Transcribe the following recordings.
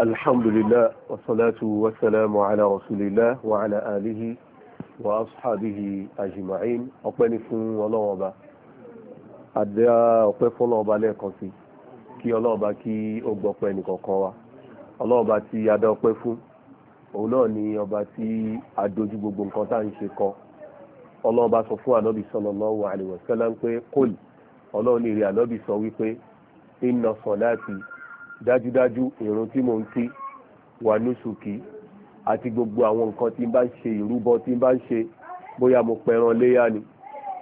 الحمد لله والصلاة والسلام على رسول الله وعلى آله وأصحابه أجمعين ọpẹ́ ni fún Ọlọ́run ọba àdá ọpẹ́ fún ọba lẹ́ẹ̀kan sí kí Ọlọ́run ọba ọba tí adá ọpẹ́ ọba tí adójú gbogbo nǹkan tá ọba sọ fún ànábì dájúdájú ìrun tí mo ń kí wà núsùkì àti gbogbo àwọn nǹkan tí n bá ń ṣe ìrúbọ tí n bá ń ṣe bóyá mo pẹran léyà ni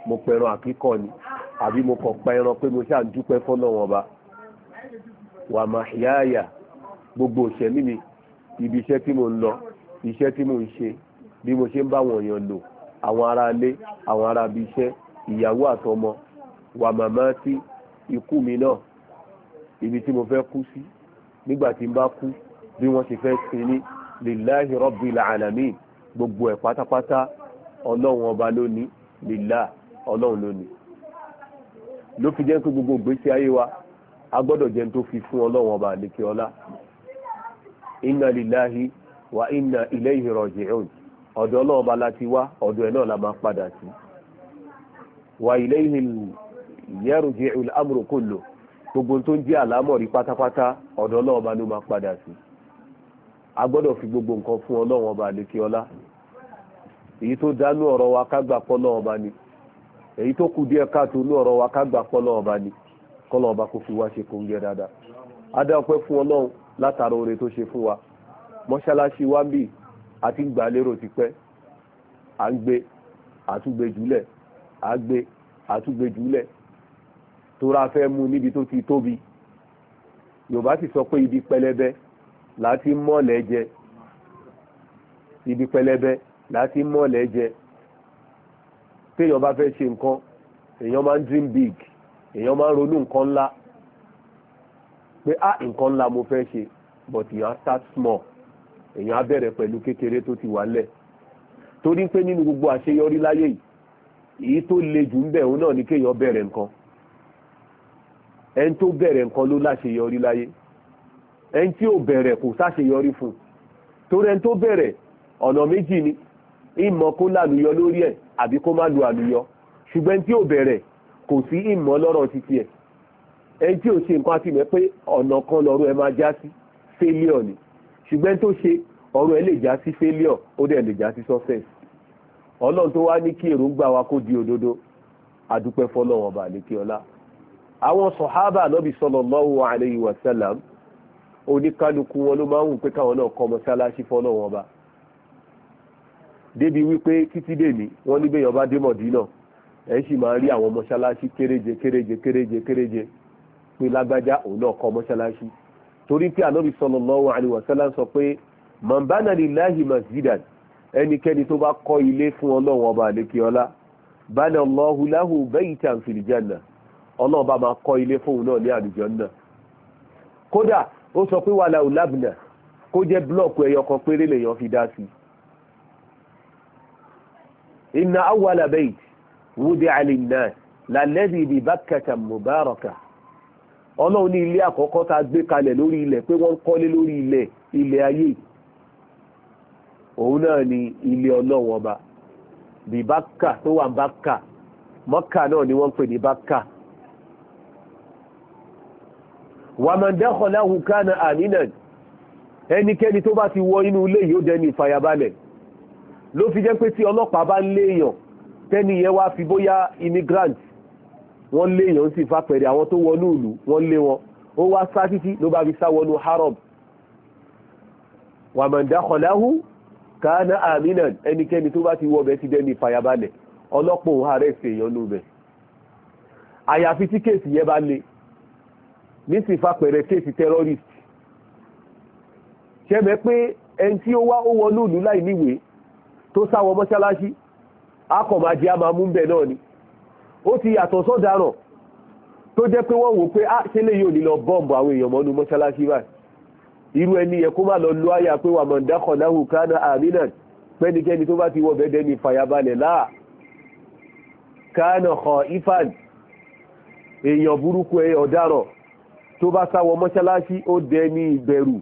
mo pẹran àkíkọ ni àbí mo kàn pa ẹran pé mo ṣáà ń dúpẹ́ fọ́lọ́run ọba wà má yáàyà gbogbo òṣèlú mi ibi iṣẹ́ tí mo ń lọ iṣẹ́ tí mo ń ṣe bí mo ṣe ń bá wọn èèyàn lò àwọn ará ilé àwọn ará ibi iṣẹ́ ìyàwó àtọmọ wà màmá sí ikú mi náà ibi tí mo fẹ́ kú sí nígbà tí n bá kú bí wọ́n ti fẹ́ sin ní lillahi rabbil alamin gbogbo ẹ̀ pátápátá ọlọ́run ọba lónìí lillah ọlọ́run lónìí ló fi jẹ́ pé gbogbo ìgbésí ayé wa a gbọ́dọ̀ jẹ́ tó fi fún ọlọ́run ọba àlekè ọlá inna lillahi wa inna ilayhi raji'un ọ̀dọ̀ ọlọ́run ọba láti wá ọ̀dọ̀ ẹ̀ náà la máa padà sí wa ilayhi yarji'u al-amru kullu gbogbo tó ń jẹ́ àlámọ̀rí pátápátá ọ̀dọ̀ ọlọ́run ọba ló máa padà sí a gbọ́dọ̀ fi gbogbo nǹkan fún ọlọ́run ọba àdékè ọlá èyí tó dánú ọ̀rọ̀ wa kágbà pọ́lọ́ ọba ni èyí tó kù díẹ̀ káàtó ní ọ̀rọ̀ wa kágbà pọ́lọ́ ọba ni kọ́lọ́ ọba kò fi wá ṣe kóńgẹ́ dáadáa a fún ọlọ́run látara oore tó ṣe fún wa mọ́ṣáláṣí wa bì àti gbà lérò ti à ń gbé àtúgbèjúlẹ̀ à ń gbé àtúgbèjúlẹ̀ tóra fẹ́ mú níbi tó ti tóbi yorùbá sì sọ pé ibi pẹlẹbẹ láti mọ̀lẹ́ jẹ ibi pẹlẹbẹ láti mọ̀lẹ́ jẹ téèyàn bá fẹ́ ṣe nǹkan èèyàn máa ń dream big èèyàn máa ń ronú nǹkan ńlá pé á ah, nǹkan ńlá mo fẹ́ ṣe but èèyàn á start small èèyàn á bẹ̀rẹ̀ pẹ̀lú kékeré tó ti wà lẹ̀ torí pé nínú gbogbo àṣeyọrí láyé yìí èyí tó le jù ń bẹ̀ òun náà ni kéèyàn bẹ̀rẹ̀ nǹkan ẹni tó bẹ̀rẹ̀ nǹkan ló láṣeyọrí láyé ẹni tí ò bẹ̀rẹ̀ kò sáṣeyọrí fún un torí ẹni tó bẹ̀rẹ̀ ọ̀nà méjì ni ìmọ̀ kó lálùyọ lórí ẹ̀ àbí kó má lu àlùyọ ṣùgbọ́n ẹni tí ò bẹ̀rẹ̀ kò sí ìmọ̀ lọ́rọ̀ títí ẹ̀ ẹni tí ò ṣe nǹkan àti mẹ́ pé ọ̀nà kan lọ́rọ̀ ẹ máa já sí failure ni ṣùgbọ́n tó ṣe ọ̀rọ̀ ẹ lè já sí failure ó dẹ̀ lè já sí success ọlọ́run tó wá ní kí èròǹgbà wa kó di òdodo àdúpẹ́ fọlọ́run ọba àlékè ọlá àwọn sọ̀hábà nọ́bì sallallahu alayhi wa sallam oníkálukú wọn ló máa ń wù pé káwọn náà kọ́ mọ́sálásí fọ́nà wọn bá débi wípé títí dèní wọ́n níbẹ̀ yọba dé Mọ̀dínà ẹ̀ sì máa rí àwọn mọ́sálásí kéréje kéréje kéréje kéréje pé lágbájá òun náà kọ́ mọ́sálásí torí pé ànọ́bì sallallahu alayhi wa sallam sọ pé man bana lillahi masjidan ẹnikẹ́ni tó bá kọ́ ilé fún ọlọ́run ọba àlékè ọlá bana Allahu lahu baytan fil janna ọlọ́ọ̀bá máa kọ́ ilé fóun náà ní àlùjànnà kódà ó sọ pé wàhálà òlàbìnà kó jẹ́ blọ́ọ̀kù ẹyọ kan péré lèèyàn fi dá sí inna awwala bayt wudi'a lin-nas lalladhi bi Bakkata mubaraka ọlọ́run ní ilé àkọ́kọ́ tá a gbé kalẹ̀ lórí ilẹ̀ pé wọ́n kọ́lé lórí ilẹ̀ ilẹ̀ ayé òun náà ni ilé ọlọ́run ọba bí Bakka tó wà Bakka Mọ́kà náà ni wọ́n pè ní Bakka wàmàn dakhalahu kana aminan ẹnikẹ́ni tó bá ti wọ inú ilé yìí ó dẹni ìfàyàbalẹ̀ ló fi jẹ́ pé tí ọlọ́pàá bá ń léèyàn tẹ́ni yẹn wá fi bóyá immigrant wọ́n léèyàn ń sì àwọn tó wọnú ìlú wọ́n lé wọn ó wá sá títí ló bá fi sá wọnú haram wàmàn dakhalahu kana aminan ẹnikẹ́ni tó bá ti wọ bẹ̀ ti dẹni ìfàyàbalẹ̀ ọlọ́pàá òun ààrẹ ṣèyàn lóbẹ̀ àyàfi nísìnyí fapẹ̀rẹ̀ kéèsì terrorist ṣẹ́bẹ̀ pé ẹni tí ó wá ó wọnú ìlú láì níwèé tó sáwọ mọ́ṣáláṣí akọ̀màjì a máa mú bẹ̀ náà ni ó ti yàtọ̀ sọ́daràn tó jẹ́ pé wọ́n wò pé á ṣe lè yóò ní lọ bọ́ǹbù àwọn èèyàn mọ́nú mọ́ṣáláṣí báyìí irú ẹni yẹ kó má lọ lo àyà pé wà mọ̀ǹdá kan láhùn kánà àmínà pẹ́nikẹ́ni tó bá ti wọ bẹ́ẹ̀ dẹ́ni fàyàbalẹ̀ láà kánà kọ̀ ifan èèyàn burúkú ẹ̀ ọ̀daràn tó bá sáwọ mọ́ṣáláṣí ó dẹ ní ìbẹ̀rù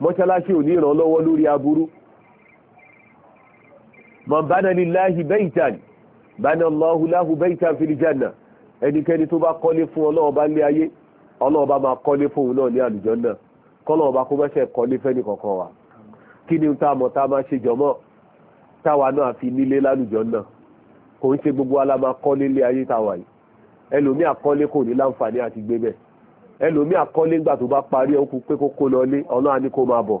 mọ́ṣáláṣí ò ní ìrànlọ́wọ́ lórí aburú man bana lillahi baytan bana Allahu lahu baytan fil janna ẹnikẹ́ni tó bá kọ́lé fún ọlọ́ọ̀bá lé ayé ọlọ́ọ̀bá máa kọ́lé fóun náà ní àlùjánnà kọ́lọ́ọ̀bá kó mẹ́ṣẹ̀ kọ́lé fẹ́ni kọ̀ọ̀kan wa kí ni tá a mọ̀ tá a máa ṣe jọmọ́ táwa náà fi nílé lálùjánnà kò ń ṣe gbogbo alámakọ́lé lé ayé táwa yìí ẹlòmíà kọ́lé kò ní láǹfààní àti gbé bẹ́ẹ̀ ẹlòmí àkọ́lé ńgbà tó bá parí ọkùn pé kó kó lọlé ọ̀nà àní kó máa bọ̀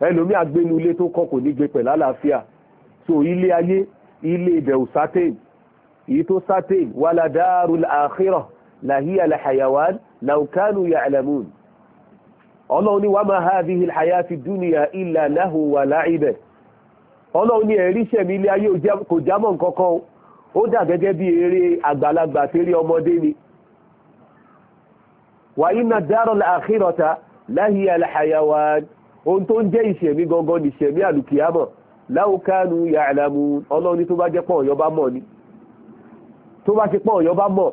ẹlòmí àgbénu ilé tó kọ́ kò ní gbé pẹ̀ lálàáfíà so ilé ayé ilé ìbẹ̀wò sátẹ̀n èyí tó sátẹ̀n wà ládàárù àkhírà làhíyà làhàyàwán làǹkánù ya'lamun ọlọ́run ní wà máa ha bí ìhàyà ti dúnìyà ìlà láhùn wà láìbẹ̀ ọlọ́run ní ẹ̀rí sẹ̀mí ilé ayé kò jámọ́ nǹkan kan ó dà gẹ́gẹ́ bí eré àgbàlagbà tẹ́rí ọmọdé ni wa inna daral akhirata lahiya alhayawan ohun tó ń jẹ́ ìṣẹ̀mí gangan ní ìṣẹ̀mí àlùkìyàmọ̀ law kanu ya'lamun ọlọ́ni tó bá jẹ́ pọ̀ ọ̀yọ́ bá mọ̀ ni tó bá ti pọ̀ ọ̀yọ́ bá mọ̀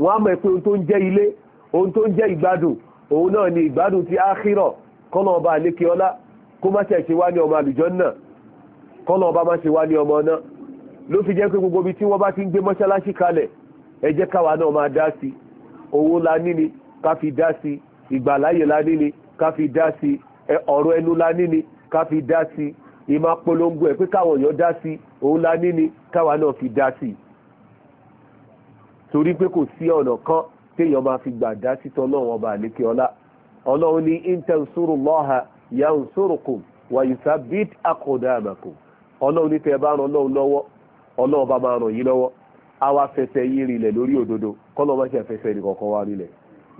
wọ́n á mọ̀ pé ohun tó ń jẹ́ ilé ohun tó ń jẹ́ ìgbádùn òun náà ni ìgbádùn ti áhírọ̀ kọ́nà ọba àlékè ọlá kó má ṣẹ̀ṣẹ̀ wá ní ọmọ àlùjànnà kọ́nà ọba má ṣe wá ní ọmọ náà ká fi dá sí ìgbàláyè lání ni ká fi dá sí ọ̀rọ̀ ẹnu lání ni ká fi dá sí ìmá polongo ẹ̀ pé káwọn èèyàn dá sí òun lání ni káwa náà fi dá sí torí pé kò sí ọ̀nà kan téèyàn máa fi gbà dá sí tọ́lọ́run ọba àlékè ọlá ọlọ́run ní in tansurullaha yansurukum wa yuthabbit aqdamakum ọlọ́run ní tẹ́ bá ran ọlọ́run lọ́wọ́ ọlọ́run bá máa ràn yín lọ́wọ́ àwa fẹsẹ̀ yín rinlẹ̀ lórí òdodo kọ́lọ́ máa ṣe àfẹsẹ̀ nìkọ̀ọ̀kan wá rinlẹ̀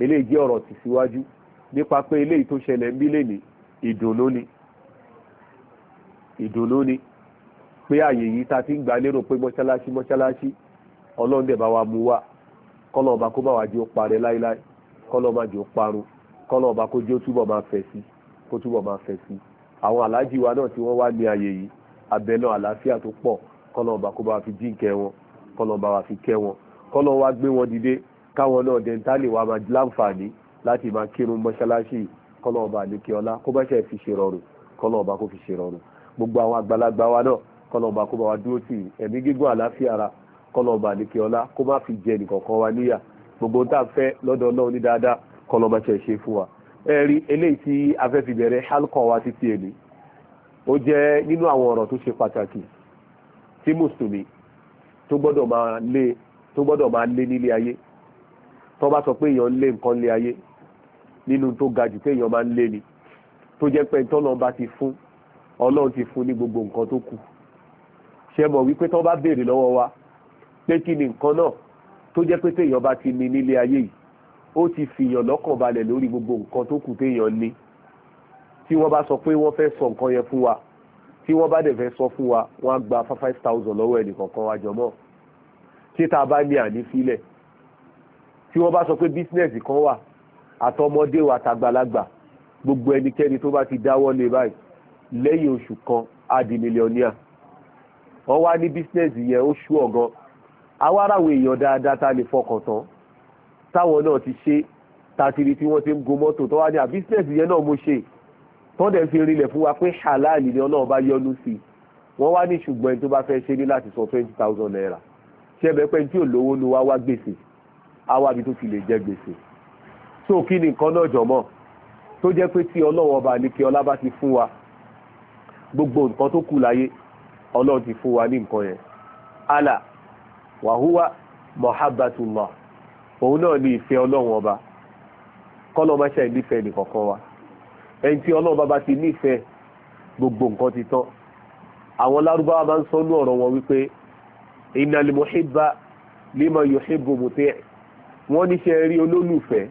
eléyìí jẹ́ ọ̀rọ̀ ti síwájú nípa pé eléyìí tó ṣẹlẹ̀ bí lè ní ìdùnnú ni ìdùnnú ni pé àyè yìí ta ti ń gbà lérò pé mọ́ṣáláṣí mọ́ṣáláṣí ọlọ́run dẹ̀ bá wa mú wa kọ́lọ̀ ọba kó bá wa jẹ́ ó parẹ́ láíláí kọ́lọ̀ ọba jẹ́ ó parun kọ́lọ̀ ọba kó jẹ́ ó túbọ̀ máa fẹ̀ sí kó túbọ̀ máa fẹ̀ sí àwọn aláàjì wa náà tí wọ́n wá ní àyè yìí abẹ náà àlàáfíà tó pọ̀ kọ́lọ̀ ọba kó bá wa fi jíǹkẹ́ wọn kọ́lọ̀ ọba wa fi kẹ́ wọn kọ́lọ̀ wa gbé wọn dìde káwọn náà dẹ̀ntálì wa máa láǹfààní láti máa kírun mọ́ṣáláṣí kọ́nà ọba àlékè ọlá kó bá ṣe fi ṣe rọrùn kọ́nà ọba kó fi ṣe rọrùn gbogbo àwọn àgbàlagbà wa náà kọ́nà ọba kó bá wa dúró ara kọ́nà ọba àlékè ọlá kó má fi jẹ nìkọ̀ọ̀kan wa níyà gbogbo tá a fẹ́ lọ́dọ̀ náà ní dáadáa kọ́nà ọba ṣe ṣe fún wa eléyìí tí a fẹ́ fi bẹ̀rẹ̀ wa títí èmi ó jẹ́ nínú àwọn ọ̀rọ̀ tó ṣe pàtàkì tí mùsùlùmí tó gbọ́dọ̀ máa lé tó gbọ́dọ̀ máa tó bá sọ pé èèyàn ń lé nǹkan lé ayé nínú tó ga jù pé èèyàn máa ń lé ni tó jẹ́ pé tọ́lọ́ bá ti fún ọlọ́run ti fún ní gbogbo nǹkan tó kù ṣe mọ̀ wípé tó bá béèrè lọ́wọ́ wa pé kí ni nǹkan náà tó jẹ́ pé téèyàn bá ti ní nílé ayé yìí ó ti fìyàn lọ́kàn balẹ̀ lórí gbogbo nǹkan tó kù téèyàn ní tí wọ́n bá sọ pé wọ́n fẹ́ sọ nǹkan yẹn fún wa tí wọ́n bá dẹ̀ fẹ́ sọ fún wa wọ́n á gba five thousand lọ́wọ́ ẹnì kọ̀ọ̀kan wa jọmọ́ ṣé tá a bá ní ànífílẹ̀ tí wọ́n bá sọ pé bísínẹ́sì kan wà àtọmọdé wa tàgbàlagbà gbogbo ẹnikẹ́ni tó bá ti dáwọ́ lé báyìí lẹ́yìn oṣù kan á di mílíọ̀nìà wọ́n wá ní bísínẹ́sì yẹn ó ṣú ọ̀gan àwa aráwọ̀ èèyàn dáadáa tá a lè fọkàn tán táwọn náà ti ṣe tatiri tí wọ́n ti ń go mọ́tò tó wá ní à yẹn náà mo ṣe tọ́dẹ̀ fi rinlẹ̀ fún wa pé halali ni ọlọ́run bá yọnu sí i wọ́n wá ní ṣùgbọ́n ẹni tó bá fẹ́ ṣe ní láti sọ twenty thousand naira ṣẹ́bẹ̀ pẹ́ tí ò lówó ló wá wá gbèsè awábi tó ti lè jẹ gbèsè so kí ni nǹkan náà jọmọ́ tó jẹ́ pé tí ọlọ́run ọba ní kí ọlá bá ti fún wa gbogbo nǹkan tó kù láyé ọlọ́run ti fún wa ní nǹkan yẹn ala wàhúwà mohabbatullah òun náà ní ìfẹ́ ọlọ́run ọba kọ́lọ́ máa ṣe nífẹ̀ẹ́ nìkọ̀ọ̀kan wa ẹni tí ọlọ́run bá ti nífẹ̀ẹ́ gbogbo nǹkan ti tán àwọn lárúbáwá máa ń sọ ní ọ̀rọ̀ wọn wípé innal muhibba lima yuhibbu muti' wọ́n níṣẹ́ rí olólùfẹ́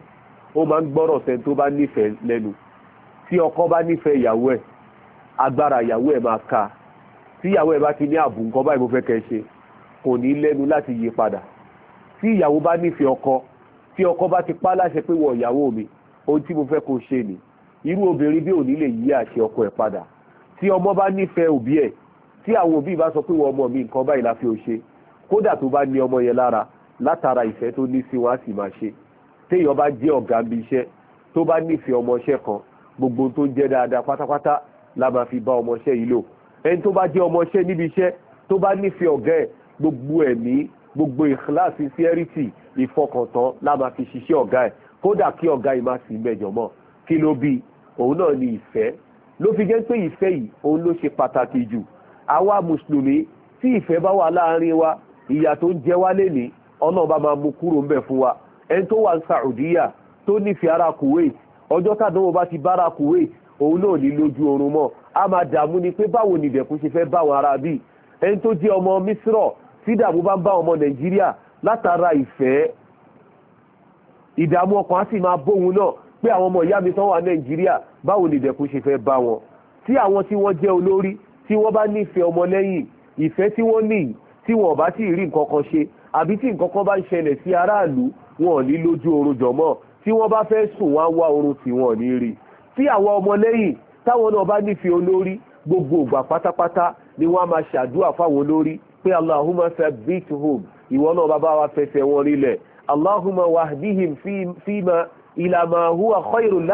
ó máa ń gbọ́rọ̀ sẹ́ni tó bá nífẹ̀ẹ́ lẹ́nu tí ọkọ bá nífẹ̀ẹ́ ìyàwó ẹ̀ agbára ìyàwó ẹ̀ máa ka tí ìyàwó ẹ̀ bá ti ní àbù nǹkan báyìí mo fẹ́ kẹ́ ṣe kò ní lẹ́nu láti yí padà tí ìyàwó bá nífẹ̀ẹ́ ọkọ tí ọkọ bá ti pa láṣẹ pé wọ ìyàwó mi ohun tí mo fẹ́ kó ṣe ni irú obìnrin bí òní lè yí àṣẹ ọkọ ẹ̀ padà tí ọmọ bá nífẹ̀ẹ́ òbí ẹ̀ tí àwọn òbí bá sọ pé wọ ọmọ mi nǹkan báyìí la fi ò ṣe kódà tó bá ní ọmọ yẹn lára látara ìfẹ́ tó ní sí wa sì máa ṣe téèyàn bá jẹ́ ọ̀gá bí iṣẹ́ tó bá nífẹ̀ẹ́ ọmọọṣẹ́ kan gbogbo tó jẹ́ dáadáa pátápátá la máa fi bá ọmọọṣẹ́ yìí lò ẹni tó bá jẹ́ ọmọọṣẹ́ níbi iṣẹ́ tó bá nífẹ̀ẹ́ ọ̀gá ẹ̀ gbogbo ẹ̀mí gbogbo ìkíláàsì sincerity ìfọkàntán la máa fi ṣiṣẹ́ ọ̀gá ẹ̀ kódà kí ọ̀gá yìí má sì mẹ́jọ mọ́ kí ló bí òun náà ni ìfẹ́ ló fi jẹ́ pé ìfẹ́ yìí òun ló ṣe pàtàkì jù àwa mùsùlùmí tí ìfẹ́ bá wà láàárín wa ìyà tó ń jẹ wá lénìí ọlọ́ọ̀bá máa mú kúrò ńbẹ̀ fún wa ẹni tó wà ní Saudiya tó nífẹ̀ẹ́ ara Kuwait ọjọ́ tàdánwò bá ti bára Kuwait òun náà ní lójú oorun mọ́ a máa dààmú ni pé báwo ni ìdẹ̀kùn ṣe fẹ́ báwọn ará bíi ẹni tó jẹ́ ọmọ Misrọ̀ tí ìdààmú bá ń bá ọmọ Nàìjíríà látara ìfẹ́ ìdààmú ọkàn á sì máa bóhun náà pé àwọn ọmọ ìyá mi tán wà Nàìjíríà báwo ni ìdẹ̀kùn ṣe fẹ́ bá wọn tí àwọn tí wọ́n jẹ́ olórí tí wọ́n bá nífẹ̀ẹ́ ọmọlẹ́yìn ìfẹ́ tí wọ́n ní tí wọ́n bá sì rí nǹkan kan ṣe àbí tí nǹkan kan bá ń ṣẹlẹ̀ sí aráàlú wọn ò ní lójú oorun jọ̀mọ́ tí wọ́n bá fẹ́ sùn wọ́n á wá oorun tí wọn ò ní rí tí àwọn ọmọlẹ́yìn táwọn náà bá nífẹ̀ẹ́ olórí gbogbo ògbà pátápátá ni wọ́n á máa ṣàdúrà fáwọn olórí pé allahumma thabbithum ìwọ náà bàbá wa fẹsẹ̀ wọn rinlẹ̀ allahumma wahdihim fima ila ma huwa khairun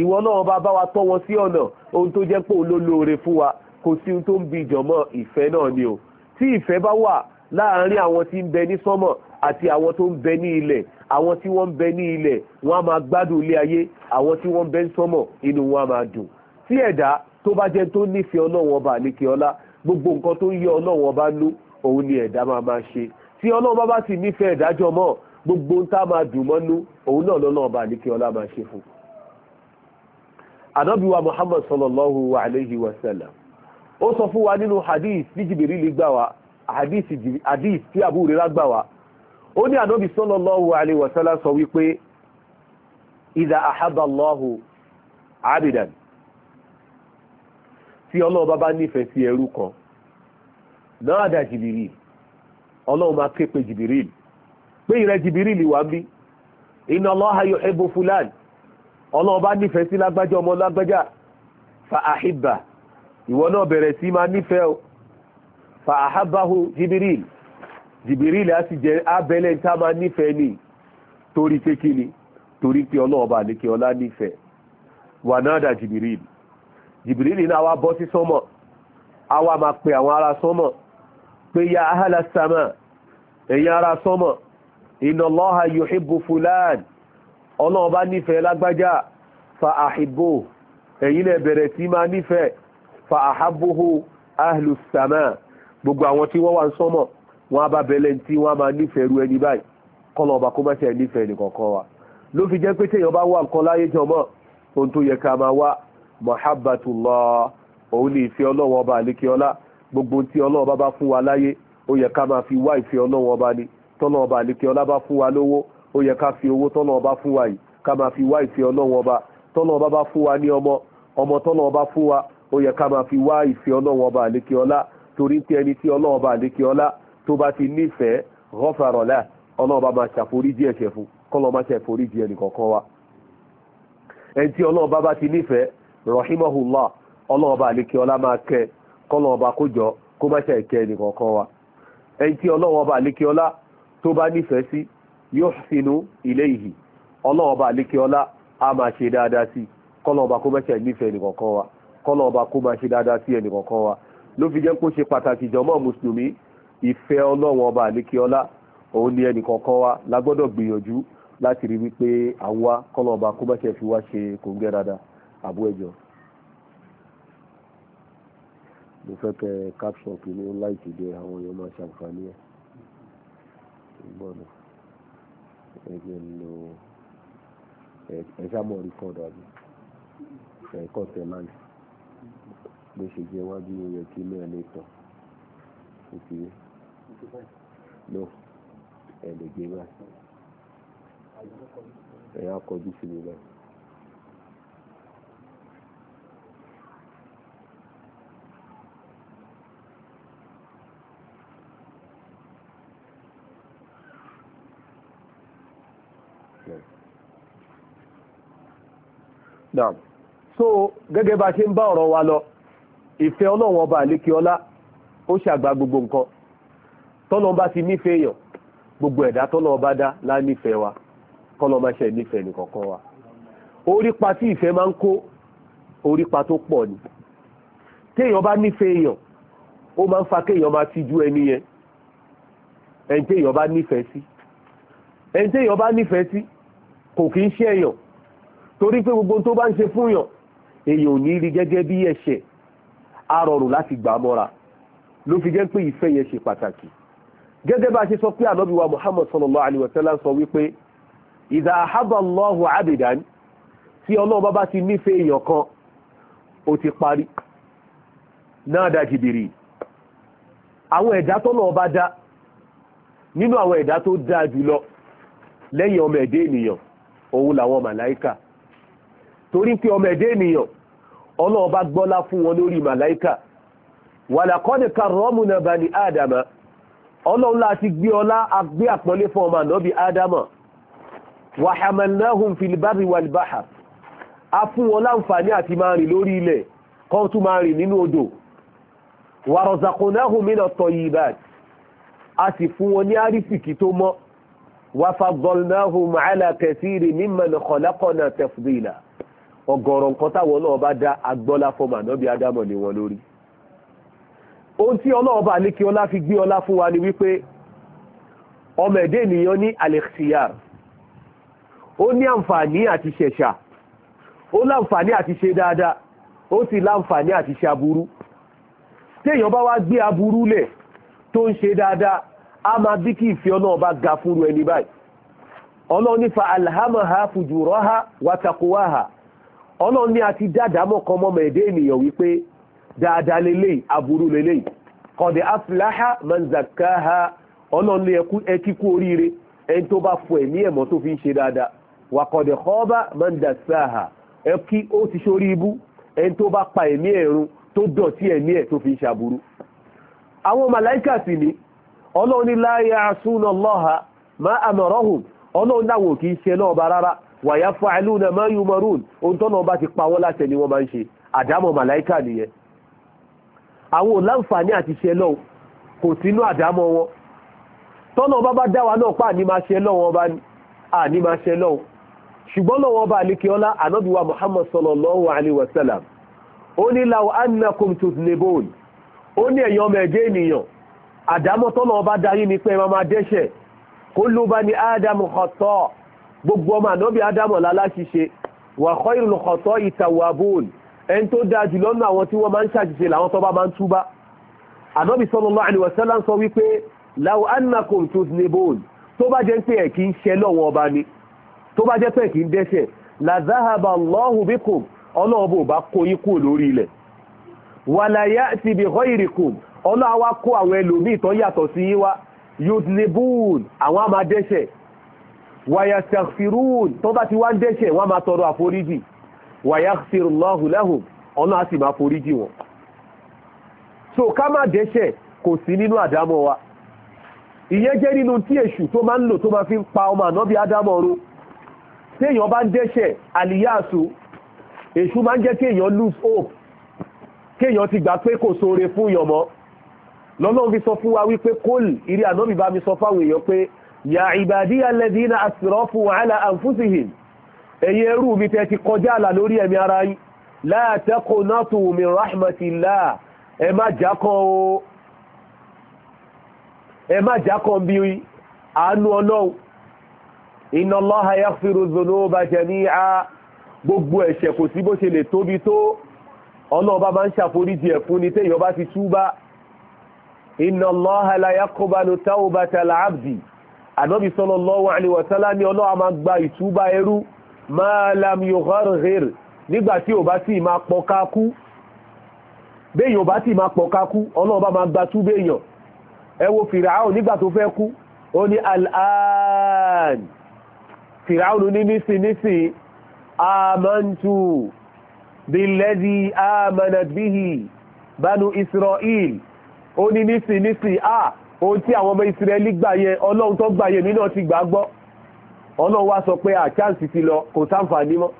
ìwọ náà bàbá wa tọ́ wọn sí ọ̀nà ohun tó jẹ́ pé olólóore fún wa kò sí ohun tó ń bi ìjọ̀mọ́ ìfẹ́ náà ni o tí ìfẹ́ bá wà láàárín àwọn tí ń bẹ ní sánmọ̀ àti àwọn tó ń bẹ ní ilẹ̀ àwọn tí wọ́n ń bẹ ní ilẹ̀ wọ́n á máa gbádùn ilé ayé àwọn tí wọ́n ń bẹ ní sánmọ̀ inú wọn á máa dùn tí ẹ̀dá tó bá jẹ́ tó nífẹ̀ẹ́ ọlọ́run ọba àlékè ọlá gbogbo nǹkan tó ń yẹ ọlọ́run ọba nú òun ni ẹ̀dá máa máa ṣe tí ọlọ́run bá bá sì nífẹ̀ẹ́ ẹ̀dájọ́ mọ́ gbogbo ń tá máa dùn mọ́nú òun náà lọ́nà ọba àlékè ọlá máa ṣe fún. ànábì muhammad sallallahu alayhi wa sallam ó sọ fún wa nínú hadith bí jìbìrì lè gbà wá hadith tí Abu Hurairah gbà wá ó ní ànábì sallallahu alaihi sọ wípé idha ahabba abidan tí ọlọ́ọ̀bá bá nífẹ̀ẹ́ sí ẹrú kan náà dá jìbìrì ọlọ́run máa ké pe Jibril pé ìrẹ́ Jibril fulan nífẹ̀ẹ́ ọmọ lágbájá fa ìwọ náà bẹ̀rẹ̀ sí máa nífẹ̀ẹ́ fa ahabahu jibiril jibiril a sì jẹ abẹ́lẹ̀ tá a máa nífẹ̀ẹ́ ni torí pé kí ni torí pé ọlọ́ọ̀ba àlékè ọlá wanada jibiril jibiril náà wá bọ́ sí sọ́mọ̀ a wá máa pe àwọn ará sọ́mọ̀ pé ya ahala sama ẹ̀yin ará sọ́mọ̀ inna Allaha yuhibbu fulan ọlọ́ọ̀ba nífẹ̀ẹ́ lágbájá fa àhìbò ẹ̀yin náà bẹ̀rẹ̀ sí máa nífẹ̀ẹ́ fa àhábòhò ahlus sama gbogbo àwọn tí wọ́n wà ń sọ́mọ̀ wọn a bá bẹ̀lẹ̀ tí wọ́n á máa nífẹ̀ẹ́ ru ẹni báyìí kọ́lọ̀ ọba kó má nífẹ̀ẹ́ wa ló fi jẹ́ pé téèyàn bá wà nǹkan láyé jọmọ́ ohun tó yẹ ká máa wá òun ní ọlọ́wọ́ ọba àlékè ọlá gbogbo tí ọlọ́wọ́ bá fún wa láyé ó yẹ ká máa fi wá ìfẹ́ ọlọ́wọ́ ọba ni ọba àlékè ọlá bá fún wa torí pé ẹni tí ọlọ́run bá lékè ọlá tó bá ti nífẹ̀ẹ́ rọ́fàrọ̀lá ọlọ́run bá máa ṣàforíjì ẹ̀ṣẹ̀ fún kọ́lọ́ máa ṣàforíjì ẹnì kọ̀ọ̀kan wa ẹni tí ọlọ́run bá bá ti nífẹ̀ẹ́ rahimahullah ọlọ́run bá lékè ọlá máa kẹ́ kọ́lọ́ bá kójọ kó má ṣe ìkẹ́ ẹnì kọ̀ọ̀kan wa ẹni tí ọlọ́run bá lékè ọlá tó bá nífẹ̀ẹ́ sí yuhsinu ilayhi ọlọ́run bá lékè ọlá á máa ṣe dáadáa sí kọ́lọ́ kó má ṣe nífẹ̀ẹ́ ẹnì wa kọ́lọ́ kó má ṣe dáadáa sí ẹnì wa ló fi jẹ́ kó ṣe pàtàkì jọmọ́ mùsùlùmí ìfẹ́ ọlọ́run ọba àlékiọlá òun ni ẹnì kọ̀ọ̀kan wa la gbọ́dọ̀ gbìyànjú láti rí wípé àwa kọ́lọ̀ ọba kó bẹ́sẹ̀ fi wá ṣe kòǹgẹ́ dáadáa àbú ẹ̀jọ̀. mo fẹ́ kẹ́ capsule kìíní láìsí dé àwọn èèyàn máa ṣàǹfààní ẹ̀ ẹgbẹ́ lo ẹ̀ṣá mọ̀ rí kọ́ọ̀dù àbí ẹ̀kọ́ tẹ̀ láǹtì bó ṣe jẹ́ wájú ló yẹ kí náà lè tàn ó ti rí no ẹ lè gbé báyìí ẹ á kọjú sí mi báyìí. So gẹ́gẹ́ bá ṣe ń bá ọ̀rọ̀ wa lọ ìfẹ́ ọlọ́run ọba àlékè ọlá ó ṣàgbà gbogbo nǹkan tọ́lọ́n bá ti nífẹ̀ẹ́ èèyàn gbogbo ẹ̀dá tọ́lọ́n ọba dá lá wa kọ́lọ́n máa ṣe nífẹ̀ẹ́ nìkọ̀ọ̀kan wa orípa tí ìfẹ́ máa ń kó orípa tó pọ̀ ni téèyàn bá nífẹ̀ẹ́ èèyàn ó máa ń fa kéèyàn máa tijú ẹni yẹn ẹni téèyàn bá nífẹ̀ẹ́ sí ẹni téèyàn bá nífẹ̀ẹ́ sí kò kì í ṣe èèyàn torí pé gbogbo tó bá ń ṣe fún èèyàn èèyàn ò ní rí gẹ́gẹ́ bí ẹ̀ṣẹ̀ á rọrùn láti gbà mọ́ra ló fi jẹ́ pé ìfẹ́ yẹn ṣe pàtàkì gẹ́gẹ́ bá ṣe sọ pé ànábì wa muhammad sallallahu alayhi wa sallam sọ wípé ìdá àhábà allahu tí ọlọ́run bá bá ti nífẹ̀ẹ́ èèyàn kan ó ti parí náà dá jìbìrì àwọn ẹ̀dá tọ́nà ọba dá nínú àwọn ẹ̀dá tó dáa jùlọ lẹ́yìn ọmọ ènìyàn òun làwọn torí pé ọmọ ènìyàn ọlọ́run bá gbọ́lá fún wọn lórí màláíkà wàlàkọ́ni karọ́mùnà bani ádámà ọlọ́run láti gbé ọlá agbé àpọ́nlé fún ọmọ ànábì ádámà wàhàmàláhùn filibari wàlbáhà a fún wọn láǹfààní àti máa rìn lórí ilẹ̀ kan tún máa rìn nínú odò wàrọ̀zàkùnáhùn mí lọ́tọ̀ yìí bá a sì fún wọn ní àrísìkí tó mọ́ wàfàgbọ́nláhùn màálà kẹsìrì mímọ̀ nìkọ̀lákọ̀nà tẹ̀fùdìlà ọ̀gọ̀rọ̀ nǹkan táwọn náà bá dá agbọ́lá fọmọ ànábì ádámọ̀ ni wọn lórí ohun tí ọlọ́run bá ní kí ọlá fi gbé ọlá fún wa ni wípé ọmọ ẹ̀dẹ́ ènìyàn ní alexiyar ó ní àǹfààní àti ṣẹ̀ṣà ó láǹfààní àti ṣe dáadáa ó sì láǹfààní àti ṣe aburú téèyàn bá wá gbé aburú lẹ̀ tó ń ṣe dáadáa a máa bí kí ìfẹ́ ọlọ́run bá ga fúru ẹni báyìí ọlọ́run nífa alhamaha fujuraha watakuwaha ọlọ́run ni a ti dáadámọ̀ kan mọ́mọ́ ẹ̀dẹ́ ènìyàn wípé dáadáa lélẹ̀ aburú lélẹ̀ kọ̀dẹ̀ afláhà manzakaha ọlọ́run ní ẹ kíkú oríire ẹni tó bá fọ ẹ̀mí ẹ̀mọ́ tó fi ń ṣe dáadáa wà kọ̀dẹ̀ kọ́ọ́bà mandasaha ẹ kí ó ti ṣorí ibú ẹni tó bá pa ẹ̀mí ẹ̀run tó dọ̀tí ẹ̀mí ẹ̀ tó fi ń ṣàbúrú àwọn màláìkà sì ni wa yaf'aluna ma yumarun ohun tọ́nà ọba ti pa wọ́n láṣẹ ni wọ́n máa ń ṣe àdámọ̀ màláìkà nìyẹn àwọn ò láǹfààní àti ṣe lọ́wọ́ kò sínú àdámọ̀ wọn tọ́nà ọba bá dá wa náà pa àní máa ṣe lọ́wọ́ ọba àní máa ṣe lọ́wọ́ ṣùgbọ́n lọ́wọ́ ọba àlékeọ́lá ànábìwá Muhammad sallallahu alayhi wa sallam ó ní law annakum tuznibun ó ní ẹ̀yàn ọmọ ẹ̀dẹ́ ènìyàn àdámọ̀ tọ́nà ọba darí ni pé ẹ máa máa dẹ́ṣẹ̀ kullu bani ádámù khata' gbogbo ọmọ ànábì ádámọ̀ láláṣiṣe wà khairul khata'i tawwabun ẹni tó dáa jù lọ́nà àwọn tí wọ́n máa ń ṣàṣìṣe làwọn tó bá máa ń túbá ànábì sallallahu alaihi wasallam sọ wípé law annakum tuznibun tó bá jẹ́ pé ẹ̀ kì í ṣe lọ́wọ́ ọba ni tó bá jẹ́ pé ẹ̀ kì í dẹ́ṣẹ̀ la zahaba wàyàtàfirún tó bá ti wá ń dẹ́ṣẹ̀ wọ́n máa tọrọ àforíjì wàyàtàfirúnláhù láhùn ọ̀nà àti máa foríjì wọn so ká má dẹ́ṣẹ̀ kò sí nínú àdámọ́ wa ìyẹn jẹ́ nínú tí èṣù tó máa ń lò tó máa fi pa ọmọ ànábì ádámọ́ rú téèyàn bá ń dẹ́ṣẹ̀ àlìyáàsù èṣù máa ń jẹ́ kéèyàn lose hope kéèyàn ti gbà pé kò sóore fún yọmọ lọ́nà fi sọ fún wa wípé kóòlì ìrí ànábì bá mi sọ fáwọn èèyàn pé ya ibadiya alladhina asrafu ala anfusihim ẹ̀yin ẹrú mi tẹ́ ti kọjá àlà lórí ẹ̀mí ara yín la taqnatu min rahmatillah ẹ má jákọ́ o ẹ má jákọ́ bí àánú ọlọ́run inna Allaha yaghfiru dhunuba jami'a gbogbo ẹ̀ṣẹ̀ kò sí bó ṣe lè tóbi tó ọlọ́ọ̀bá máa ń ṣàforíjì ẹ̀ fún ni téèyàn bá ti túbá inna Allaha la yaqbalu tawbatal abdi ànábì sallallahu alaihi wa sallam ní Ọlọ́run máa gba ìtúbà ẹrú ma lam yugharghir nígbà tí ò bá sì máa pọ̀ kákú béèyàn ò bá sì máa pọ̀ kákú Ọlọ́run bá máa gba tú béèyàn ẹ wo Fìràáhùn nígbà tó fẹ́ kú ó ní al Fìràáhùn ní nísìn amantu billadhi amanat banu Israel ó ní nísìn nísìn ah ohun tí àwọn ọmọ ìsirẹ́lì gbà yẹn ọlọ́run tó gbà yẹn nínú ti gbà gbọ́ ọlọ́run wá sọ pé àcháǹsì ti lọ kò sáǹfààní mọ́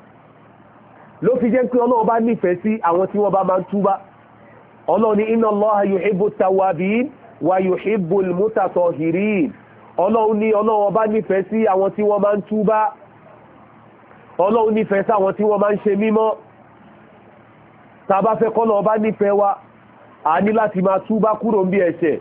ló fi jẹ́ pé ọlọ́run bá nífẹ̀ẹ́ sí àwọn tí wọ́n bá máa ń túbá ọlọ́run ní inna Allaha yuhibbu tawabin wa yuhibbul mutatahirin ọlọ́run ní ọlọ́run bá nífẹ̀ẹ́ sí àwọn tí wọ́n máa ń túbá ọlọ́run nífẹ̀ẹ́ sí àwọn tí wọ́n máa ń ṣe mímọ́ tá a bá fẹ́ kọ́ lọ́ọ́ bá nífẹ̀ẹ́ wa a ní láti máa túbá kúrò ń bí ẹ̀ṣẹ̀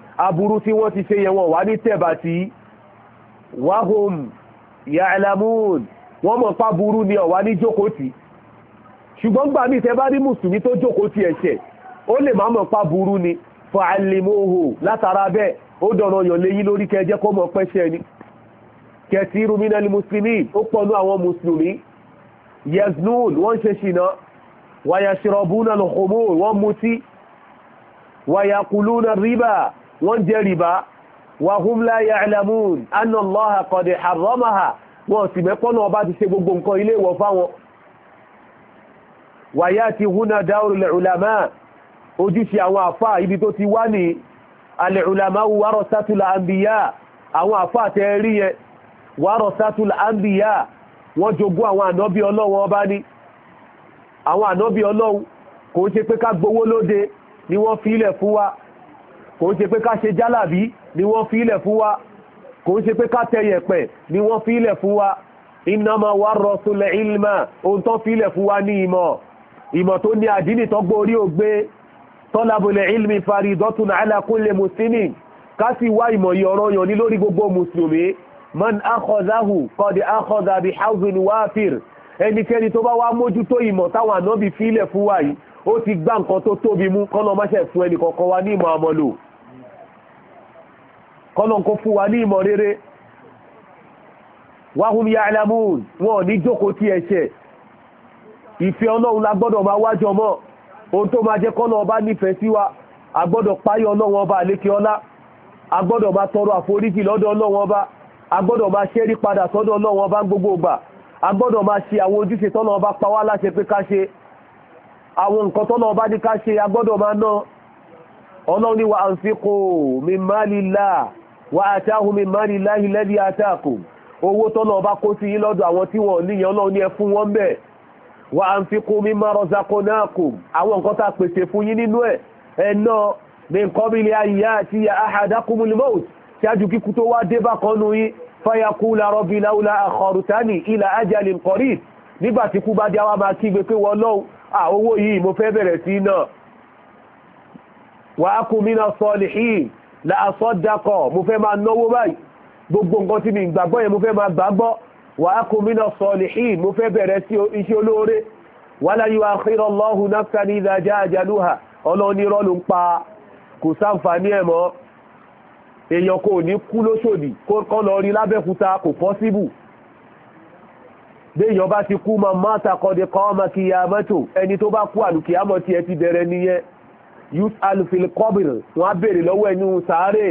aburú tí wọ́n ti ṣe yẹn wọn wà ní tẹ̀bà tí wahum ya'lamun wọ́n mọ̀ pa burú ni ọ̀wá ní jókòó tì ṣùgbọ́n gbà mí tẹ́ bá rí mùsùlùmí tó jókòó tì ẹ̀ṣẹ̀ ó lè má mọ̀ pa burú ni fa'allimuhu látara bẹ́ẹ̀ ó dọ̀rọ̀ yàn léyìn lórí kẹjẹ́ kó mọ̀ pẹ́ṣẹ̀ ni kẹtìrú minal muslimin ó pọnú àwọn mùsùlùmí yaznun wọ́n ṣe ṣìnà wayashrabuna al wọ́n mutí wayakuluna riba wọ́n jẹ́ rìbá wa hum la ya'lamun anna Allaha qad harramaha wọ́n sì mẹ́pọ́nà ọba ti ṣe gbogbo nǹkan ilé ìwọ̀ fáwọn wàyá ti húnà dáúrù lẹ̀rùlámá ojúṣe àwọn àfá ibi tó ti wá ní alẹ̀rùlámá wárọ̀ sátúlà àmbíyá àwọn àfá tẹ́ rí kò ń ṣe pé ká gbowó lóde ni wọ́n fi ilẹ̀ fún wa kò ń ṣe pé ká ṣe jálàbí ni wọ́n fi ilẹ̀ fún wa kò ń ṣe pé ká tẹ̀yẹ̀pẹ̀ ni wọ́n fi ilẹ̀ fún wa innama warrasul ilma ohun tó fi ilẹ̀ fún wa ní ìmọ̀ ìmọ̀ tó ní àdínì tó gbórí ògbé talabul ilmi faridatun ala kulli muslimin ká sì wá ìmọ̀ yìí ọ̀rọ̀ yàn ní lórí gbogbo mùsùlùmí man akhadhahu qad akhadha bi hawzin wafir ẹnikẹ́ni tó bá wá mójútó ìmọ̀ táwọn ànábì fi ilẹ̀ fún wa yìí ó ti gbá nǹkan tó tóbi mú kọ́nà máṣẹ̀ fún ẹnì kọ̀ọ̀kan wa ní ìmọ̀ àmọ́lò kọ́lọ̀n kó fún wa ní ìmọ̀ rere wahum ya'lamun wọn ní jókòó tí ẹ̀ṣẹ̀ ìfẹ́ ọlọ́run la gbọ́dọ̀ máa wájọ mọ́ ohun tó máa jẹ́ kọ́lọ̀ ọba nífẹ̀ẹ́ sí wa a gbọ́dọ̀ páyọ ọlọ́run ọba àlékè ọlá a gbọ́dọ̀ máa tọrọ àforíjì lọ́dọ̀ ọlọ́run ọba a gbọ́dọ̀ máa ṣẹ́rí padà sọ́dọ̀ ọlọ́run ọba gbogbo ìgbà a gbọ́dọ̀ máa ṣe àwọn ojúṣe tọ́lọ́ ọba pa wá láṣẹ pé ká ṣe àwọn nǹkan tọ́lọ́ ọba ní ká ṣe a gbọ́dọ̀ ná ọlọ́run ní wa anfiqu min malillah wà àtàhùn mi mari láhi lẹ́dí àtàkùn owó tọ́nà ọba kó sí yín lọ́dọ̀ àwọn tí wọ́n níyàn ọlọ́run ní ẹ fún wọn bẹ́ẹ̀ wà á ń fi kún mi máa náà kù àwọn nǹkan tá pèsè fún yín nínú ẹ̀ ẹ ná nǹkan mi lè ayé àti àhàdákùnmùlì mọ́ọ̀t ṣáájú kíkú tó wá dé bá kan nu yín fáyàkú làrọ́ bíi àkọrùtánì ìlà ájàlì nǹkọ̀rí nígbà tí kú bá dé àwa máa kígbe pé wọ́n lọ́wọ́ owó yìí mo fẹ́ bẹ̀rẹ̀ sí náà wà á kún mi náà sọ́ọ̀lì yìí láàsọ́ dákọ̀ mo fẹ́ máa náwó báyìí gbogbo nǹkan tí mi gbàgbọ́ yẹn mo fẹ́ máa gbàgbọ́ wà á kún mí náà salihin mo fẹ́ bẹ̀rẹ̀ sí iṣẹ́ olóore wà láyé wa akhira Allahu nafsan idha jaa ajaluha ń pa kò youth alufil kọ́bìl wọ́n á béèrè lọ́wọ́ ẹni sàárè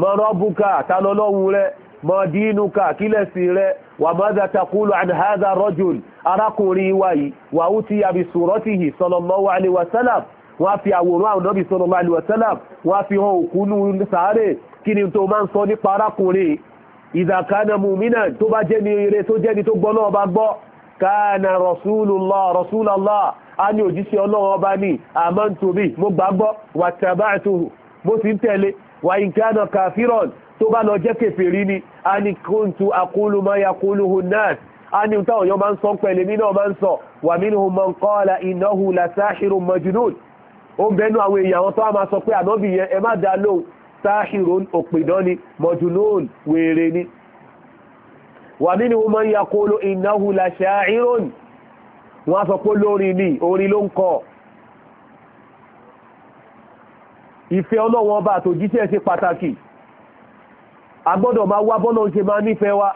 mọ rọ́bùkà tálọ́lọ́hun rẹ mọ dínúkà kílẹ̀sì rẹ wà mọ́dà takulu anhaza rọ́jùl arákùnrin wa yìí wà ó ti yàbí sùrọ́tìhì sallallahu alaihi wasallam wọ́n á fi àwòrán àwọn nọ́bì sallallahu alaihi wasallam á fi hàn òkú sàárè kí ni tó máa ń sọ nípa arákùnrin ìdàkánà mùmínà tó bá jẹ́ ni tó jẹ́ tó gbọ́ náà bá gbọ́ káàna rasulullah rasulullah a ní òjíṣẹ́ ọlọ́run ọba ní àmọ́ntobi mo gbàgbọ́ wà tàbátùhù mo sì ń tẹ̀lé wà ìkánà kàfíràn tó bá lọ jẹ́ kèfèrí ni a ní kóńtù aqulu ma yaquluhu nas a ní ìtàwọn yọ máa ń sọ pẹ̀lẹ̀ mí náà máa ń sọ wà minhum man qala innahu la sahirun wà nínú man yaqulu innahu la sha'irun wọ́n á sọ pé lórí ni orin ló ń kọ ìfẹ́ ọlọ́wọ́n bá àtòjíṣẹ́ ṣe pàtàkì a gbọ́dọ̀ máa wá bọ́nà ṣe máa nífẹ̀ẹ́ wa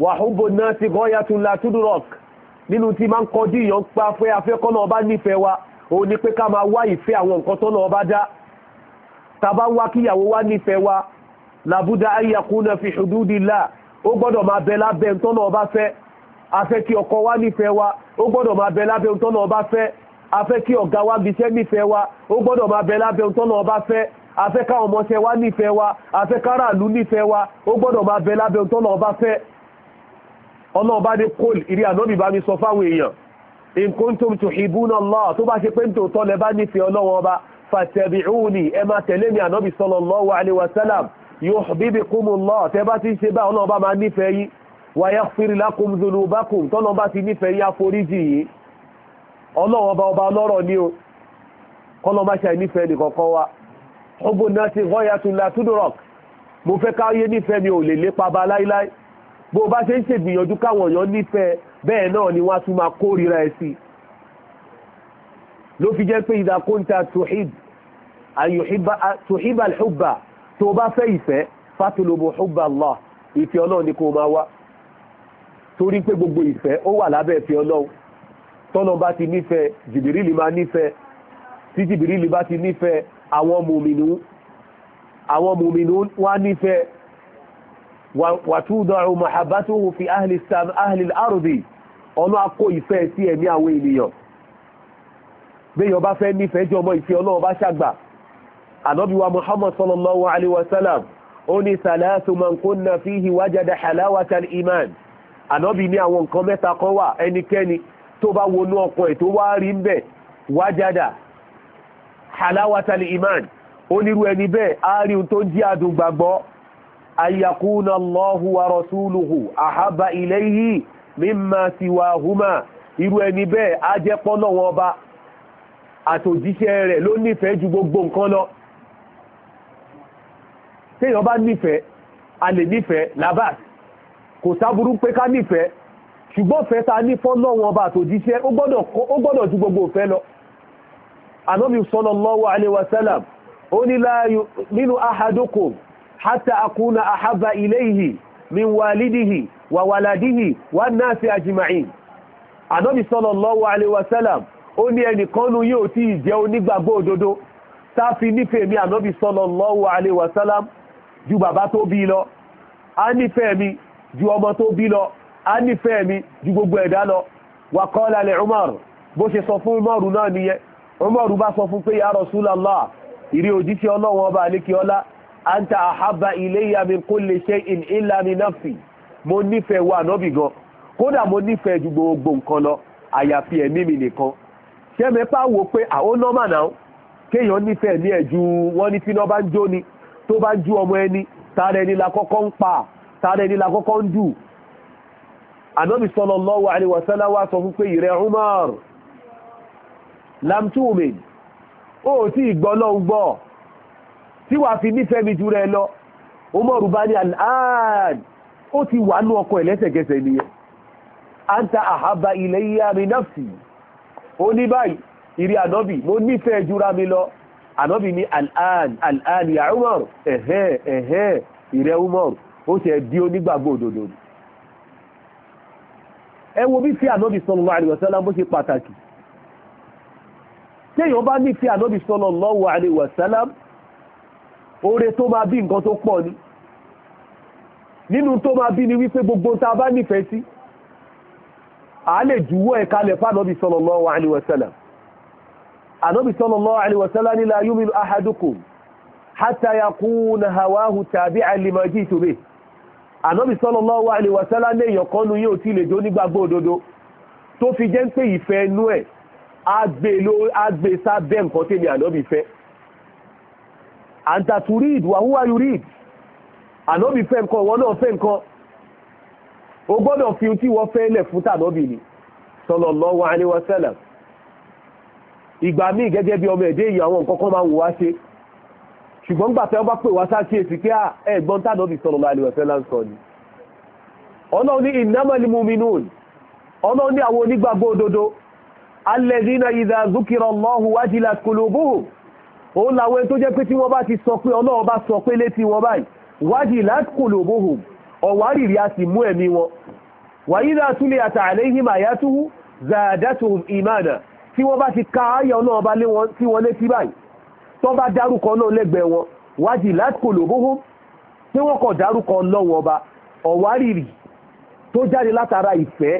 wàhúbò náà ti gọ́ yàtún látúndúrọ̀k nínú tí máa ń kọjú ìyàn pa fẹ́ afẹ́kọ́nà ọba nífẹ̀ẹ́ wa ó ní pé ká máa wá ìfẹ́ àwọn nǹkan tọ́nà ọba dá tàbá wá kíyàwó wá nífẹ̀ẹ́ wa làbúdá ayakuna fi hududillah ó gbọ́dọ̀ máa bẹ lábẹ́ ntọ́nà ọba fẹ́ afẹ́ kí ọkọ wa nífẹ̀ẹ́ wa ó gbọ́dọ̀ máa bẹ lábẹ́ ntọ́nà ọba fẹ́ afẹ́ kí ọ̀gá wa bíṣẹ́ nífẹ̀ẹ́ wa ó gbọ́dọ̀ máa bẹ lábẹ́ ntọ́nà ọba fẹ́ afẹ́ káwọn ọmọọṣẹ́ wa nífẹ̀ẹ́ wa afẹ́ káràlú nífẹ̀ẹ́ wa ó gbọ́dọ̀ máa bẹ lábẹ́ ntọ́nà ọba fẹ́ ọlọ́ọ̀bá ní kóòl ìrí ànọ́bì bá mi sọ fáwọn èèyàn in kuntum tuhibbuna Allah tó bá ṣe pé tòótọ́ lẹ bá nífẹ̀ẹ́ ọlọ́wọ́ ọba fattabi'uni ẹ máa tẹ̀lé mi ànọ́bì sallallahu alaihi wasallam yuhbibkumullah tẹ́ bá ti ṣe bá ọlọ́run bá máa nífẹ̀ẹ́ yín wa yaghfir lakum dhunubakum tọ́lọ́run bá ti nífẹ̀ẹ́ yín àforíjì yìí ọlọ́run ọba ọba ọlọ́rọ̀ ni o kọ́lọ́ bá ṣe àìnífẹ̀ẹ́ nìkọ̀ọ̀kan wa ọgbọ́n náà ti ghayatun la tudrak mo fẹ́ káyé nífẹ̀ẹ́ mi ò lè lépa ba láíláí bó bá ṣe ń ṣègbìyànjú káwọn èèyàn nífẹ̀ẹ́ bẹ́ẹ̀ náà ni wọ́n tún máa kórìíra ẹ̀ sí ló fi jẹ́ pé idha kunta tó bá fẹ́ ìfẹ́ fátólóbó hubba Allah ìfẹ́ ni máa wá torí pé gbogbo ìfẹ́ ó wà lábẹ́ ìfẹ́ ọlọ́run tọ́lọ́ bá ti nife, jìbìrìlì máa nífẹ̀ẹ́ tí jìbìrìlì bá ti nífẹ̀ẹ́ àwọn mùmìnú àwọn mùmìnú wá fi ahli sam ahli al-ardi ìfẹ́ sí ẹ̀mí àwọn ènìyàn béèyàn bá fẹ́ jọmọ ìfẹ́ ọlọ́run bá ànábíwa muhammad sallallahu alaihi wasallam ó ní sàlẹ́sù man kunna fihi wajada halawatal iman ànábí ní àwọn nǹkan mẹ́ta kan wà ẹnikẹ́ni tó bá wọnú ọkàn ẹ̀ tó wá rí ń bẹ̀ wájádà halawatal iman onírú ẹni bẹ́ẹ̀ àárín tó jí adùn gbàgbọ́ ayakuna allahu wa rasuluhu ahaba ilayhi mimma siwahuma téèyàn bá nífẹ̀ẹ́ a lè nífẹ̀ẹ́ labas kò sáburú pé ká nífẹ̀ẹ́ ṣùgbọ́n fẹ́ ta ní fọ́lọ́wọ́n ọba àtòjíṣẹ́ ó gbọ́dọ̀ ju gbogbo òfẹ́ lọ anọ́bí sallallahu alaihi wasallam ó ní la yu'minu ahadukum hatta akuna ahaba ilayhi min walidihi wa waladihi wa nasi ajma'in anọ́bí sallallahu alaihi wasallam ó ní ẹnìkanu yóò tí jẹ́ onígbàgbọ́ òdodo tá nífẹ̀ẹ́ mi anọ́bí sallallahu alaihi wasallam ju bàbá tó bí lọ a nífẹ̀ẹ́ mi ju ọmọ tó bí lọ a nífẹ̀ẹ́ mi ju gbogbo ẹ̀dá lọ wà qala li Umar bó ṣe sọ fún Umar náà nìyẹn Umar bá sọ fún pé ya Rasulallah ìrí òjíṣẹ́ ọlọ́wọ́n ọba àlékí ọlá anta ahabba ilayya min kulli shay'in illa min nafsi mo nífẹ̀ẹ́ wa nọ́bì gan kódà mo nífẹ̀ẹ́ ju gbogbo nǹkan lọ àyàfi ẹ̀mí mi nìkan ṣé mẹ́pà wo pé àwọn nọ́mà náà kéèyàn nífẹ̀ẹ́ ní ẹ̀ ju wọ́n ní tí bá ń jó ni tó bá ju ọmọ ẹni tààrà ẹni la kọ́kọ́ ń pa tààrà ẹni la kọ́kọ́ ń dù Ànábì sallallahu alaihi wasallam wá sọ fún pé ìrẹ̀ Umar lamtumin ó tí ìgbọ́lọ́ ń gbọ́ tí wàá fi nífẹ̀ẹ́ mi jù rẹ lọ Umar bá ní al'ad ó ti wà ní ọkọ̀ ẹ̀lẹ́sẹ̀kẹsẹ̀ nìyẹn anta àhábà ilayya min nafsi ó ní ìrì Ànábì mo nífẹ̀ẹ́ jura mi lọ ànábì ní al'an ya umar ẹ̀hẹ́ ẹ̀hẹ́ ìrẹ́ umar ó ti di onígbàgbọ́ òdodo ẹ wo bí fi ànábì sallallahu alaihi wasallam bó ṣe pàtàkì téèyàn bá ní fi ànábì sallallahu alaihi wasallam oore tó máa bí nǹkan tó pọ̀ ni nínú tó máa bí ni wípé gbogbo ta bá a lè juwọ́ ẹ̀kalẹ̀ fánàbì sallallahu alaihi wasallam ànábì sallallahu alaihi wasallam ní la yu'minu ahadukum hatta yakuna hawahu tabi'an lima ji'tu bihi ànábì sallallahu alaihi wasallam ní èèyàn kan nu yóò ti lè jó nígbàgbọ́ òdodo tó fi jẹ́ ń pè ìfẹ́ inú ẹ̀ agbe sábẹ́ nǹkan tèmi ànábì fẹ́ anta turid wa huwa yurid ànábì fẹ́ nǹkan ìwọ náà ìgbà míì gẹ́gẹ́ bí ọmọ ẹ̀dẹ́ yìí àwọn nǹkan kan máa ń wò wá ṣe ṣùgbọ́n gbà tẹ́ wọ́n bá pè wá sákìyèsí pé ẹ̀gbọ́n tàbí ọ̀bì sọ̀rọ̀ máa lè wẹ̀fẹ́ láǹsọ̀ ni ọ̀nà ní innamal mu'minun ọ̀nà ní àwọn onígbàgbọ́ òdodo alladhina idha dhukira Allahu wajilat qulubuhum òun làwọn tí wọ́n bá ti ka ayọ̀ náà bá lé wọn tí wọ́n létí báyìí tó bá dárúkọ náà lẹ́gbẹ̀ẹ́ wọn wájì látìkò lòbóhó tí wọ́n kọ̀ dárúkọ lọ́wọ́ ọba ọ̀wárìrì tó jáde látara ìfẹ́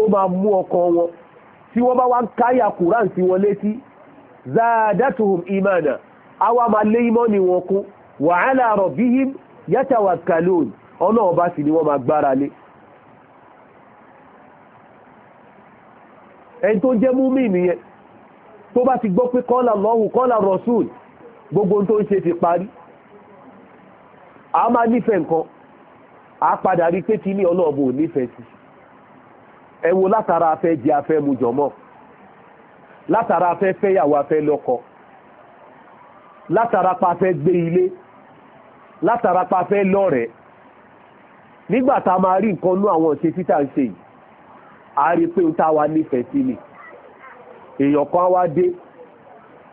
ó máa mú ọkàn wọn tí wọ́n bá wá ń káyà kùrán sí wọn létí zaadatuhum imana àwa máa lé ìmọ́ni wọn kún wa ala rabbihim yatawakkalun ọlọ́ọ̀bá sì ni wọ́n máa gbára lé ẹni tó jẹ́ múmi nìyẹn tó bá ti gbọ́ pé kọ́là lọ́hùn kọ́là rọ̀ṣùl gbogbo tó ń ṣe ti parí a máa nífẹ̀ẹ́ nǹkan a padà rí pé kíní ọlọ́ọ̀bù ò nífẹ̀ẹ́ sí ẹ wo látara afẹ́ jẹ afẹ́ mu jọ̀mọ́ látara afẹ́ fẹ́yàwó afẹ́ lọ́kọ látara pa afẹ́ gbé ilé látara pa afẹ́ lọ́rẹ̀ẹ́ nígbà tá a máa rí nǹkan nú àwọn ṣe títà ń ṣe yìí a rí pé tá wa nífẹ̀ẹ́ sí ni èèyàn kan wá dé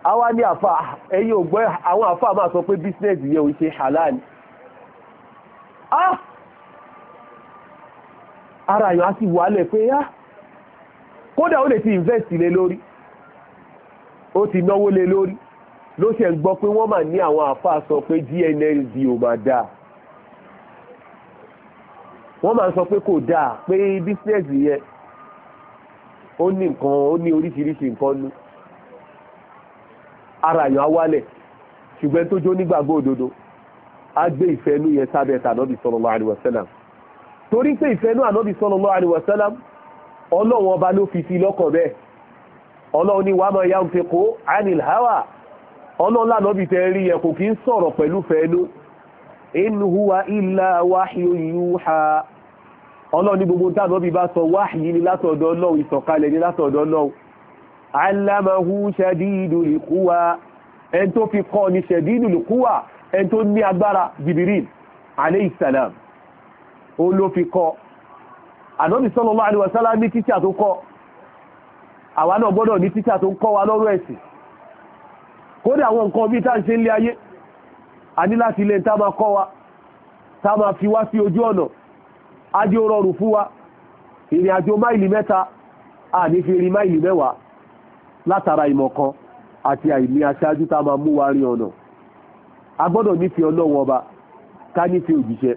a wá ní àfà ẹ̀yin ò àwọn àfà máa sọ pé bísínẹ́sì yẹn ò ṣe ara èèyàn á sì wálẹ̀ pé á ah! kódà ó lè ti invest lé lórí ó ti náwó lé lórí ló ṣe ń gbọ́ pé wọ́n mà ní àwọn àfà sọ pé GNLD ò mà dáa wọ́n máa sọ pé kò dáa pé bísínẹ́sì yẹn ó ní nǹkan ó ní oríṣiríṣi nǹkan nú ara yàn á wálẹ̀ ṣùgbọ́n tó jó nígbàgbọ́ òdodo á gbé ìfẹ́ inú yẹn sábẹ́ ta ànábì sallallahu alaihi torí pé ìfẹ́ inú sallallahu ọlọ́run ọba ló fi sí lọ́kàn bẹ́ẹ̀ ọlọ́run ni wàá máa anil hawa ọlọ́run lànàbì tẹ́ rí yẹn kò kí ń sọ̀rọ̀ pẹ̀lú fẹ́ inú ila huwa illa ọlọ́run ní gbogbo táàmù bí bá sọ wáhìí ní látọ̀dọ̀ ọlọ́run ìsọ̀kalẹ̀ ní látọ̀dọ̀ ọlọ́run alamahu ṣẹ́díìdù ìkúwa ẹn tó fi kọ́ ni ṣẹ̀díìdù ìkúwa ẹn tó ní agbára Jibril alayhi salam ó ló fi kọ́ ànábì sallallahu alaihi wasallam ní tíṣà tó kọ́ àwa náà gbọ́dọ̀ ní tíṣà tó ń kọ́ wa lọ́rọ̀ ẹ̀sìn kódà àwọn nǹkan bí tá ń ṣe ń lé ayé a ní láti ilé tá máa kọ́ wa tá máa fi wá sí ojú ọ̀nà ajé ó rọrùn fún wa ìrìn àjò máìlì mẹ́ta a ní fi rí máìlì mẹ́wàá látara ìmọ̀ kan àti àìní aṣáájú tá a máa mú wa rí ọ̀nà a gbọ́dọ̀ nífẹ̀ẹ́ ọlọ́run ọba ká nífẹ̀ẹ́ òjíṣẹ́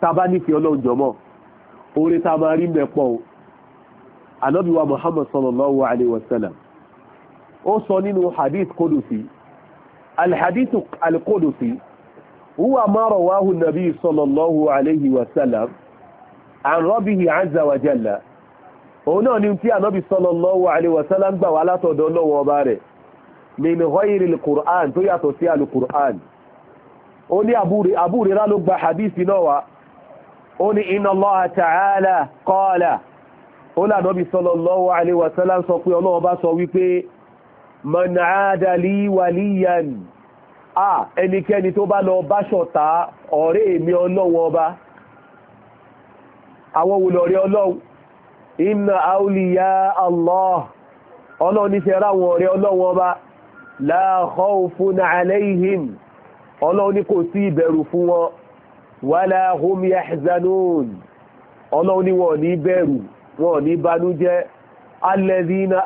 tá a bá nífẹ̀ẹ́ ọlọ́run jọmọ́ oore tá a máa rí mẹ́pọ̀ o ànábì muhammad sallallahu alayhi wa sallam ó sọ nínú hadith kodosi alhadith alkodosi huwa ma nabi sallallahu alayhi wa sallam an Rabbihi azza wa jalla òun náà ni tí ànábì sallallahu alaihi wasallam gbà wá látọ̀dọ̀ lọ́wọ́ ọba rẹ̀ min ghayril Qur'an tó yàtọ̀ sí al-Qur'an ó ní àbúrírá ló gba hadisi náà wá ó ní inna Allaha ta'ala qala ó lànàbì sallallahu alaihi wasallam sọ pé ọlọ́wọ́ bá sọ wípé àwọn olọ̀rẹ́ ọlọ́run inna Ina Allah ọlọ́run ní sẹ́ra àwọn ọ̀rẹ́ ọlọ́run ọba la khawfun alayhim ọlọ́run ní kò sí ìbẹ̀rù fún wọn wala hum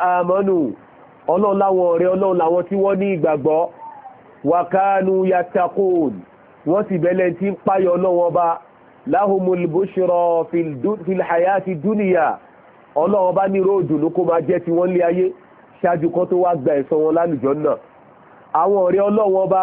amanu wọ́n ní wakanu bẹ̀lẹ̀ tí ń lahumul bushra fil hayati dunya ọlọ́run bá ní róòdù ló kó máa jẹ́ ti wọ́n lé ayé ṣáájú kan tó wá gba ẹ̀san wọn lálùjọ náà àwọn ọ̀rẹ́ ọlọ́run ọba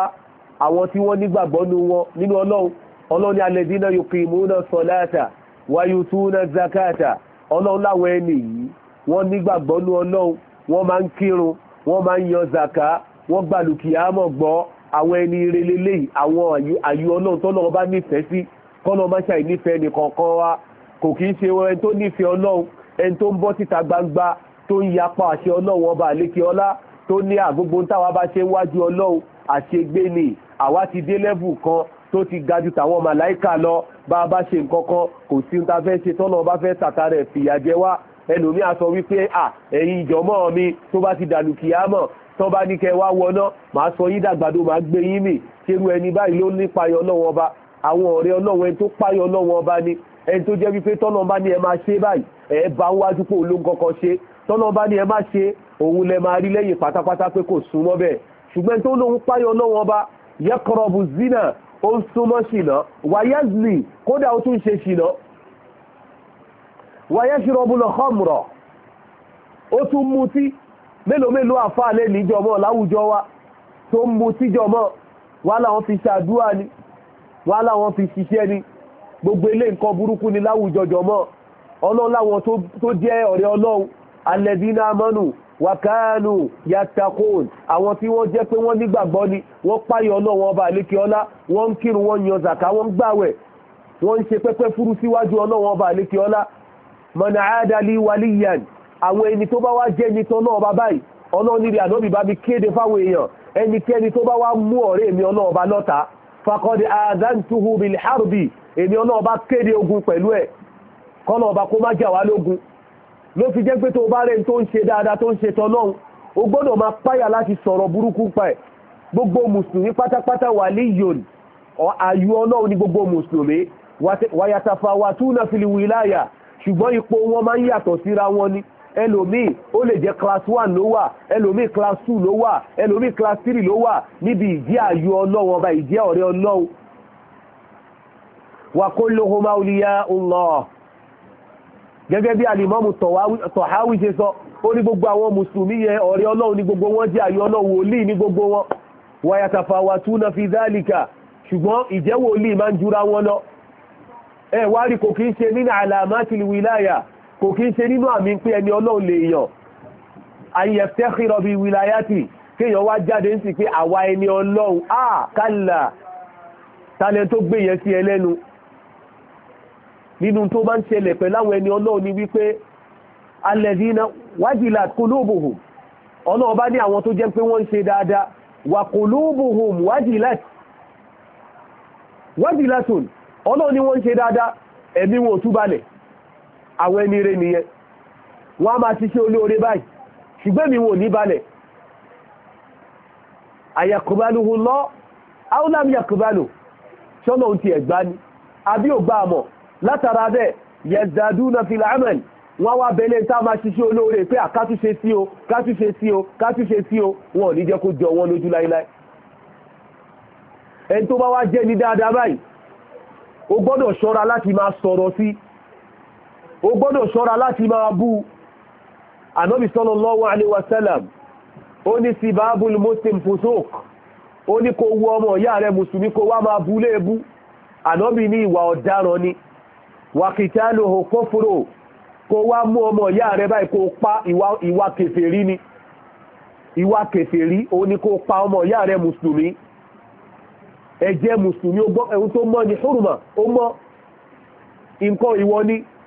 àwọn tí wọ́n nígbàgbọ́ nu wọn nínú ọlọ́run ọlọ́run ní alladhina yuqimuna salata wa yutuna zakata ọlọ́run láwọn ẹni yìí wọ́n nígbàgbọ́ nu ọlọ́run wọ́n máa ń kírun wọ́n máa ń yan zaka wọ́n gbàlùkìyàmọ̀ gbọ́ àwọn ẹni ire lélẹ́yìí àwọn àyù ọlọ́run tọ́lọ́run bá nífẹ̀ẹ́ sí kọ́nà máṣá ìnífẹ̀ẹ́ nìkan kan wa kò kí í ṣe ẹni tó nífẹ̀ẹ́ ọlọ́run ẹni tó ń bọ́ síta gbangba tó ń yapa àṣẹ ọlọ́run ọba àlékè ọlá tó ní àgbogbo táwa bá ṣe ń wájú ọlọ́run àṣegbé ni àwa ti dé lẹ́vù kan tó ti ga ju tàwọn màláìkà lọ bá a bá ṣe nǹkan kan kò sí ní ta fẹ́ ṣe tọ́nà ọba fẹ́ tàta rẹ̀ fìyà jẹ wá ẹlòmí á wípé à ẹ̀yin ìjọmọ́ mi tó bá ti dànù kìámọ̀ tán bá ní kẹ wá wọná màá sọ yín dàgbàdo màá gbé yín mì ṣerú ẹni báyìí ló nípa yọ lọ́wọ́ ọba àwọn ọ̀rẹ́ ọlọ́run ẹni tó páyọ ọlọ́run ọba ni ẹni tó jẹ́ wípé tọ́nà bá ní ẹ máa ṣe báyìí ẹ bá wájú pé olóhùn kankan ṣe tọ́nà bá ní ẹ máa ṣe òun lẹ máa rí lẹ́yìn pátápátá pé kò súnmọ́ bẹ́ẹ̀ ṣùgbọ́n tó lóhun páyọ ọlọ́run ọba yẹ́kọ̀rọ̀bù zina ó ń súnmọ́ ṣìnà wáyẹ́sì kódà ó tún ṣe ṣìnà wáyẹ́sìrọ̀bù lọ́kọ̀mùrọ̀ ó tún mutí mélòó mélòó àfáà ni wọ́n láwọn fi ṣiṣẹ́ ni gbogbo ilé nǹkan burúkú ni láwùjọ jọmọ́ ọlọ́run láwọn tó jẹ́ ọ̀rẹ́ ọlọ́run alẹ́dínà amọ́nù wàkánù yàtàkùn àwọn tí wọ́n jẹ́ pé wọ́n nígbàgbọ́ ni wọ́n páyọ̀ ọlọ́run ọba àlékè ọlá wọ́n ń kírun wọ́n yan zàká wọ́n ń gbàwẹ̀ wọ́n ń ṣe pẹ́pẹ́ fúru síwájú ọlọ́run ọba àlékè ọlá mọ̀nà àádálí wàlíyàn àwọn ẹni tó bá wá jẹ́ ẹni tán náà ọba báyìí ọlọ́run nílẹ̀ ànábì bá mi kéde fáwọn èèyàn ẹnikẹ́ni tó bá wá mú ọ̀rẹ́ mi ọlọ́run ọba lọ́ta fakọ́dí àdántuhu bil harbi èmi ọlọ́run bá kéde ogun pẹ̀lú ẹ̀ kọ́nà ọba kó má jà wá lógun ló fi jẹ́ pé tó bá rẹ̀ tó ń ṣe dáadáa tó ń ṣe tọ́lọ́run o gbọ́dọ̀ máa páyà láti sọ̀rọ̀ burúkú pa ẹ̀ gbogbo mùsùlùmí pátápátá wà líyòn àyù ọlọ́run ní gbogbo mùsùlùmí wàyàtàfà wàtúnà fìlìwìláyà ṣùgbọ́n ipò wọn máa ń yàtọ̀ síra wọn ni ẹlòmíì ó lè jẹ́ class one ló wà ẹlòmíì class two ló wà ẹlòmíì class three ló wà níbi ìjẹ́ àyò ọlọ́run ọba ìjẹ́ ọ̀rẹ́ ọlọ́run wa kulluhum awliya Allah gẹ́gẹ́ bí alìmọ́mù tọ̀háwí ṣe sọ ó ní gbogbo àwọn mùsùlùmí yẹ ọ̀rẹ́ ọlọ́run ní gbogbo wọn jẹ́ àyọ ọlọ́run wòlíì ní gbogbo wọn wa yatafawatuna fi dhalika ṣùgbọ́n ìjẹ́ máa ń jura wọn lọ ẹ wá rí kò kí ń ṣe nínú àlàmátìlì wìláyà kò kí ń ṣe nínú àmì pé ẹni ọlọ́run lè yàn àyẹ̀fẹ́ kírọ̀bì wìláyàtì kéèyàn wá jáde ń sì pé àwa ẹni ọlọ́run à kálà talẹ̀ tó gbé yẹn sí ẹlẹ́nu nínú tó bá ń ṣẹlẹ̀ pẹ̀lú ẹni ọlọ́run ni wípé alẹ́dínà wájìlá kólóbòhùn ọlọ́run bá ní àwọn tó jẹ́ pé wọ́n ń ṣe dáadáa wà kólóbòhùn wájìlá tún ọlọ́run ni wọ́n ń ṣe dáadáa ẹ̀mí wọn ò túbalẹ̀ àwọn ẹni rẹ̀ nìyẹn wọ́n a máa ti ṣe olóore báyìí ṣùgbẹ́ mi wò ní balẹ̀ lọ áúlàm yàkùbálù ṣọ́nà ohun ti ẹ̀gbá ni àbí ò àmọ̀ látara bẹ́ẹ̀ yẹ̀dàdúnà fi láàmẹ̀lì wọ́n wá bẹ̀lẹ̀ tá a máa olóore pé sí o sí ó gbọ́dọ̀ ṣọ́ra láti máa bú ànábì sallallahu alaihi wasallam ó ní sibabul muslim fusuq ó ní kó wú ọmọ ìyá rẹ̀ mùsùlùmí kó wá máa bú léèbú ànábì ní ìwà ni waqitaluhu ọmọ pa iwa nǹkan ni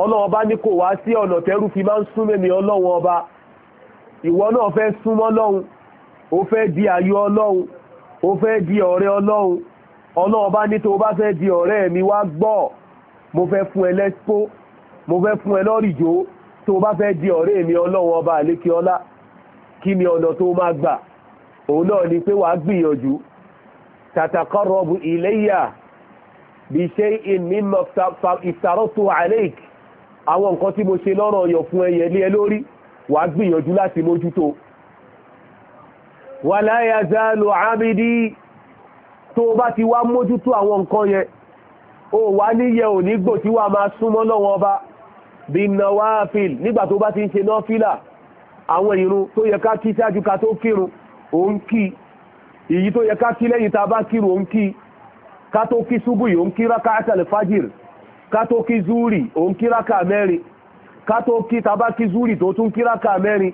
ọlọ́wọ́ bá ní kò wá sí ọ̀nà tẹ́rù fi máa ń sún mẹ́mi ọlọ́wọ́ ọba ìwọ náà fẹ́ súnmọ́ lọ́hun ó fẹ́ di ayọ̀ ọlọ́hun ó fẹ́ di ọ̀rẹ́ ọlọ́hun ọlọ́wọ́ bá ní tó bá fẹ́ di ọ̀rẹ́ mi wá gbọ́ mo fẹ́ fún ẹ lẹ́sípó mo fẹ́ fún ẹ lọ́rìjó tó bá fẹ́ di ọ̀rẹ́ mi ọlọ́wọ́ ọba àlékè ọlá kí ni ọ̀nà tó máa gbà òun náà ni pé wàá gbìyànjú tatakọ́rọ̀bù iléyà bí ṣe in mímọ̀ ìsàrọ́tò àlékè àwọn nǹkan tí mo ṣe lọ́rọ̀ ọyọ̀ fún ẹyẹ lé ẹ lórí wàá gbìyànjú láti mójútó wà láyà záàlù àmìdí tó bá ti wá mójútó àwọn nǹkan yẹn ó wà níyẹ ò ní gbò tí wà máa súnmọ́ lọ́wọ́ ọba bí nawafil nígbà tó bá ti ń ṣe náfìlà àwọn ìrun tó yẹ ká kí ṣáájú ká tó kírun ó ń kí èyí tó yẹ ká kí lẹ́yìn tá bá kírun ó ń kí ká tó kí ṣubú yìí ó ń kí rákàtàlẹ̀ kátó kí zúrì òun kíráka mẹ́rin kátó kí tabá kí zúrì tó tún kíráka mẹ́rin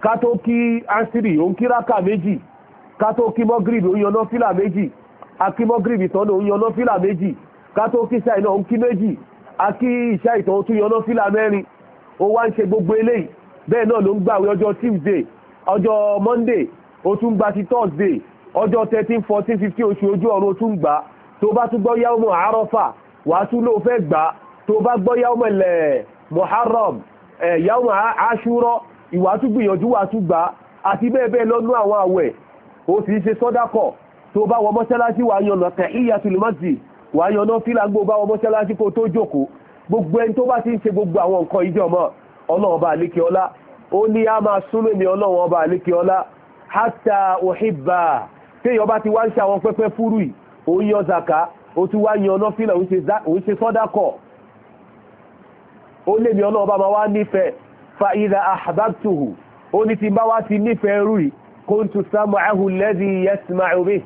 kátó kí ansiri òun kíráka méjì kátó kí mọ́gírìbì òun yọná fílà méjì akí mọ́gírìbì tọ́nà òun yọná fílà méjì kátó kí ṣáì náà òun kí méjì akí ìṣá ìtàn òun tún yọná fílà mẹ́rin ó wá ń ṣe gbogbo eléyìí bẹ́ẹ̀ náà ló ń gbàwé ọjọ́ tuesday ọjọ́ monday ó tún gba ti thursday ọjọ́ thirteen fourteen fifteen oṣù ojú ọ̀run ó tún gbà tó bá tún gbọ́ yàwó àárọ̀ fà wàá tún ló fẹ́ gbà tó bá gbọ́ yàwùmọ̀lẹ̀ eh, muharram eh, yàwùmọ̀ aṣúrọ̀ ìwà tún gbìyànjú wàá tún gbà àti bẹ́ẹ̀ bẹ́ẹ̀ lọ́nú àwọn àwẹ̀ ó sì ṣe sọ́dákọ̀ tó bá wọ mọ́ṣáláṣí wàá yànnà tahiyatul masjid wàá yànnà fílàgbó bá wọ mọ́ṣáláṣí kó tó jókòó gbogbo ẹni tó bá ti ń ṣe gbogbo àwọn nǹkan ìjọ mọ́ ọlọ́ọ̀ba àlékè ọlá ó ní a máa súnmọ́ mi ọlọ́wọ́n ọba àlékè ọlá hátà òhìbà téèyàn bá ti wá ń ṣe àwọn pẹ́pẹ́ fúrú yìí òun yọ zaka ó tún wá yan nọ́fílà òun ṣe sọ́dákọ̀ ó lè ní ọlọ́ọ̀bá máa wá nífẹ̀ẹ́ fa ìdá àbábtùhù ó ní ti bá wá ti nífẹ̀ẹ́ rú yìí kó ń tu sámà áhù lẹ́dí yẹ́sìmá omi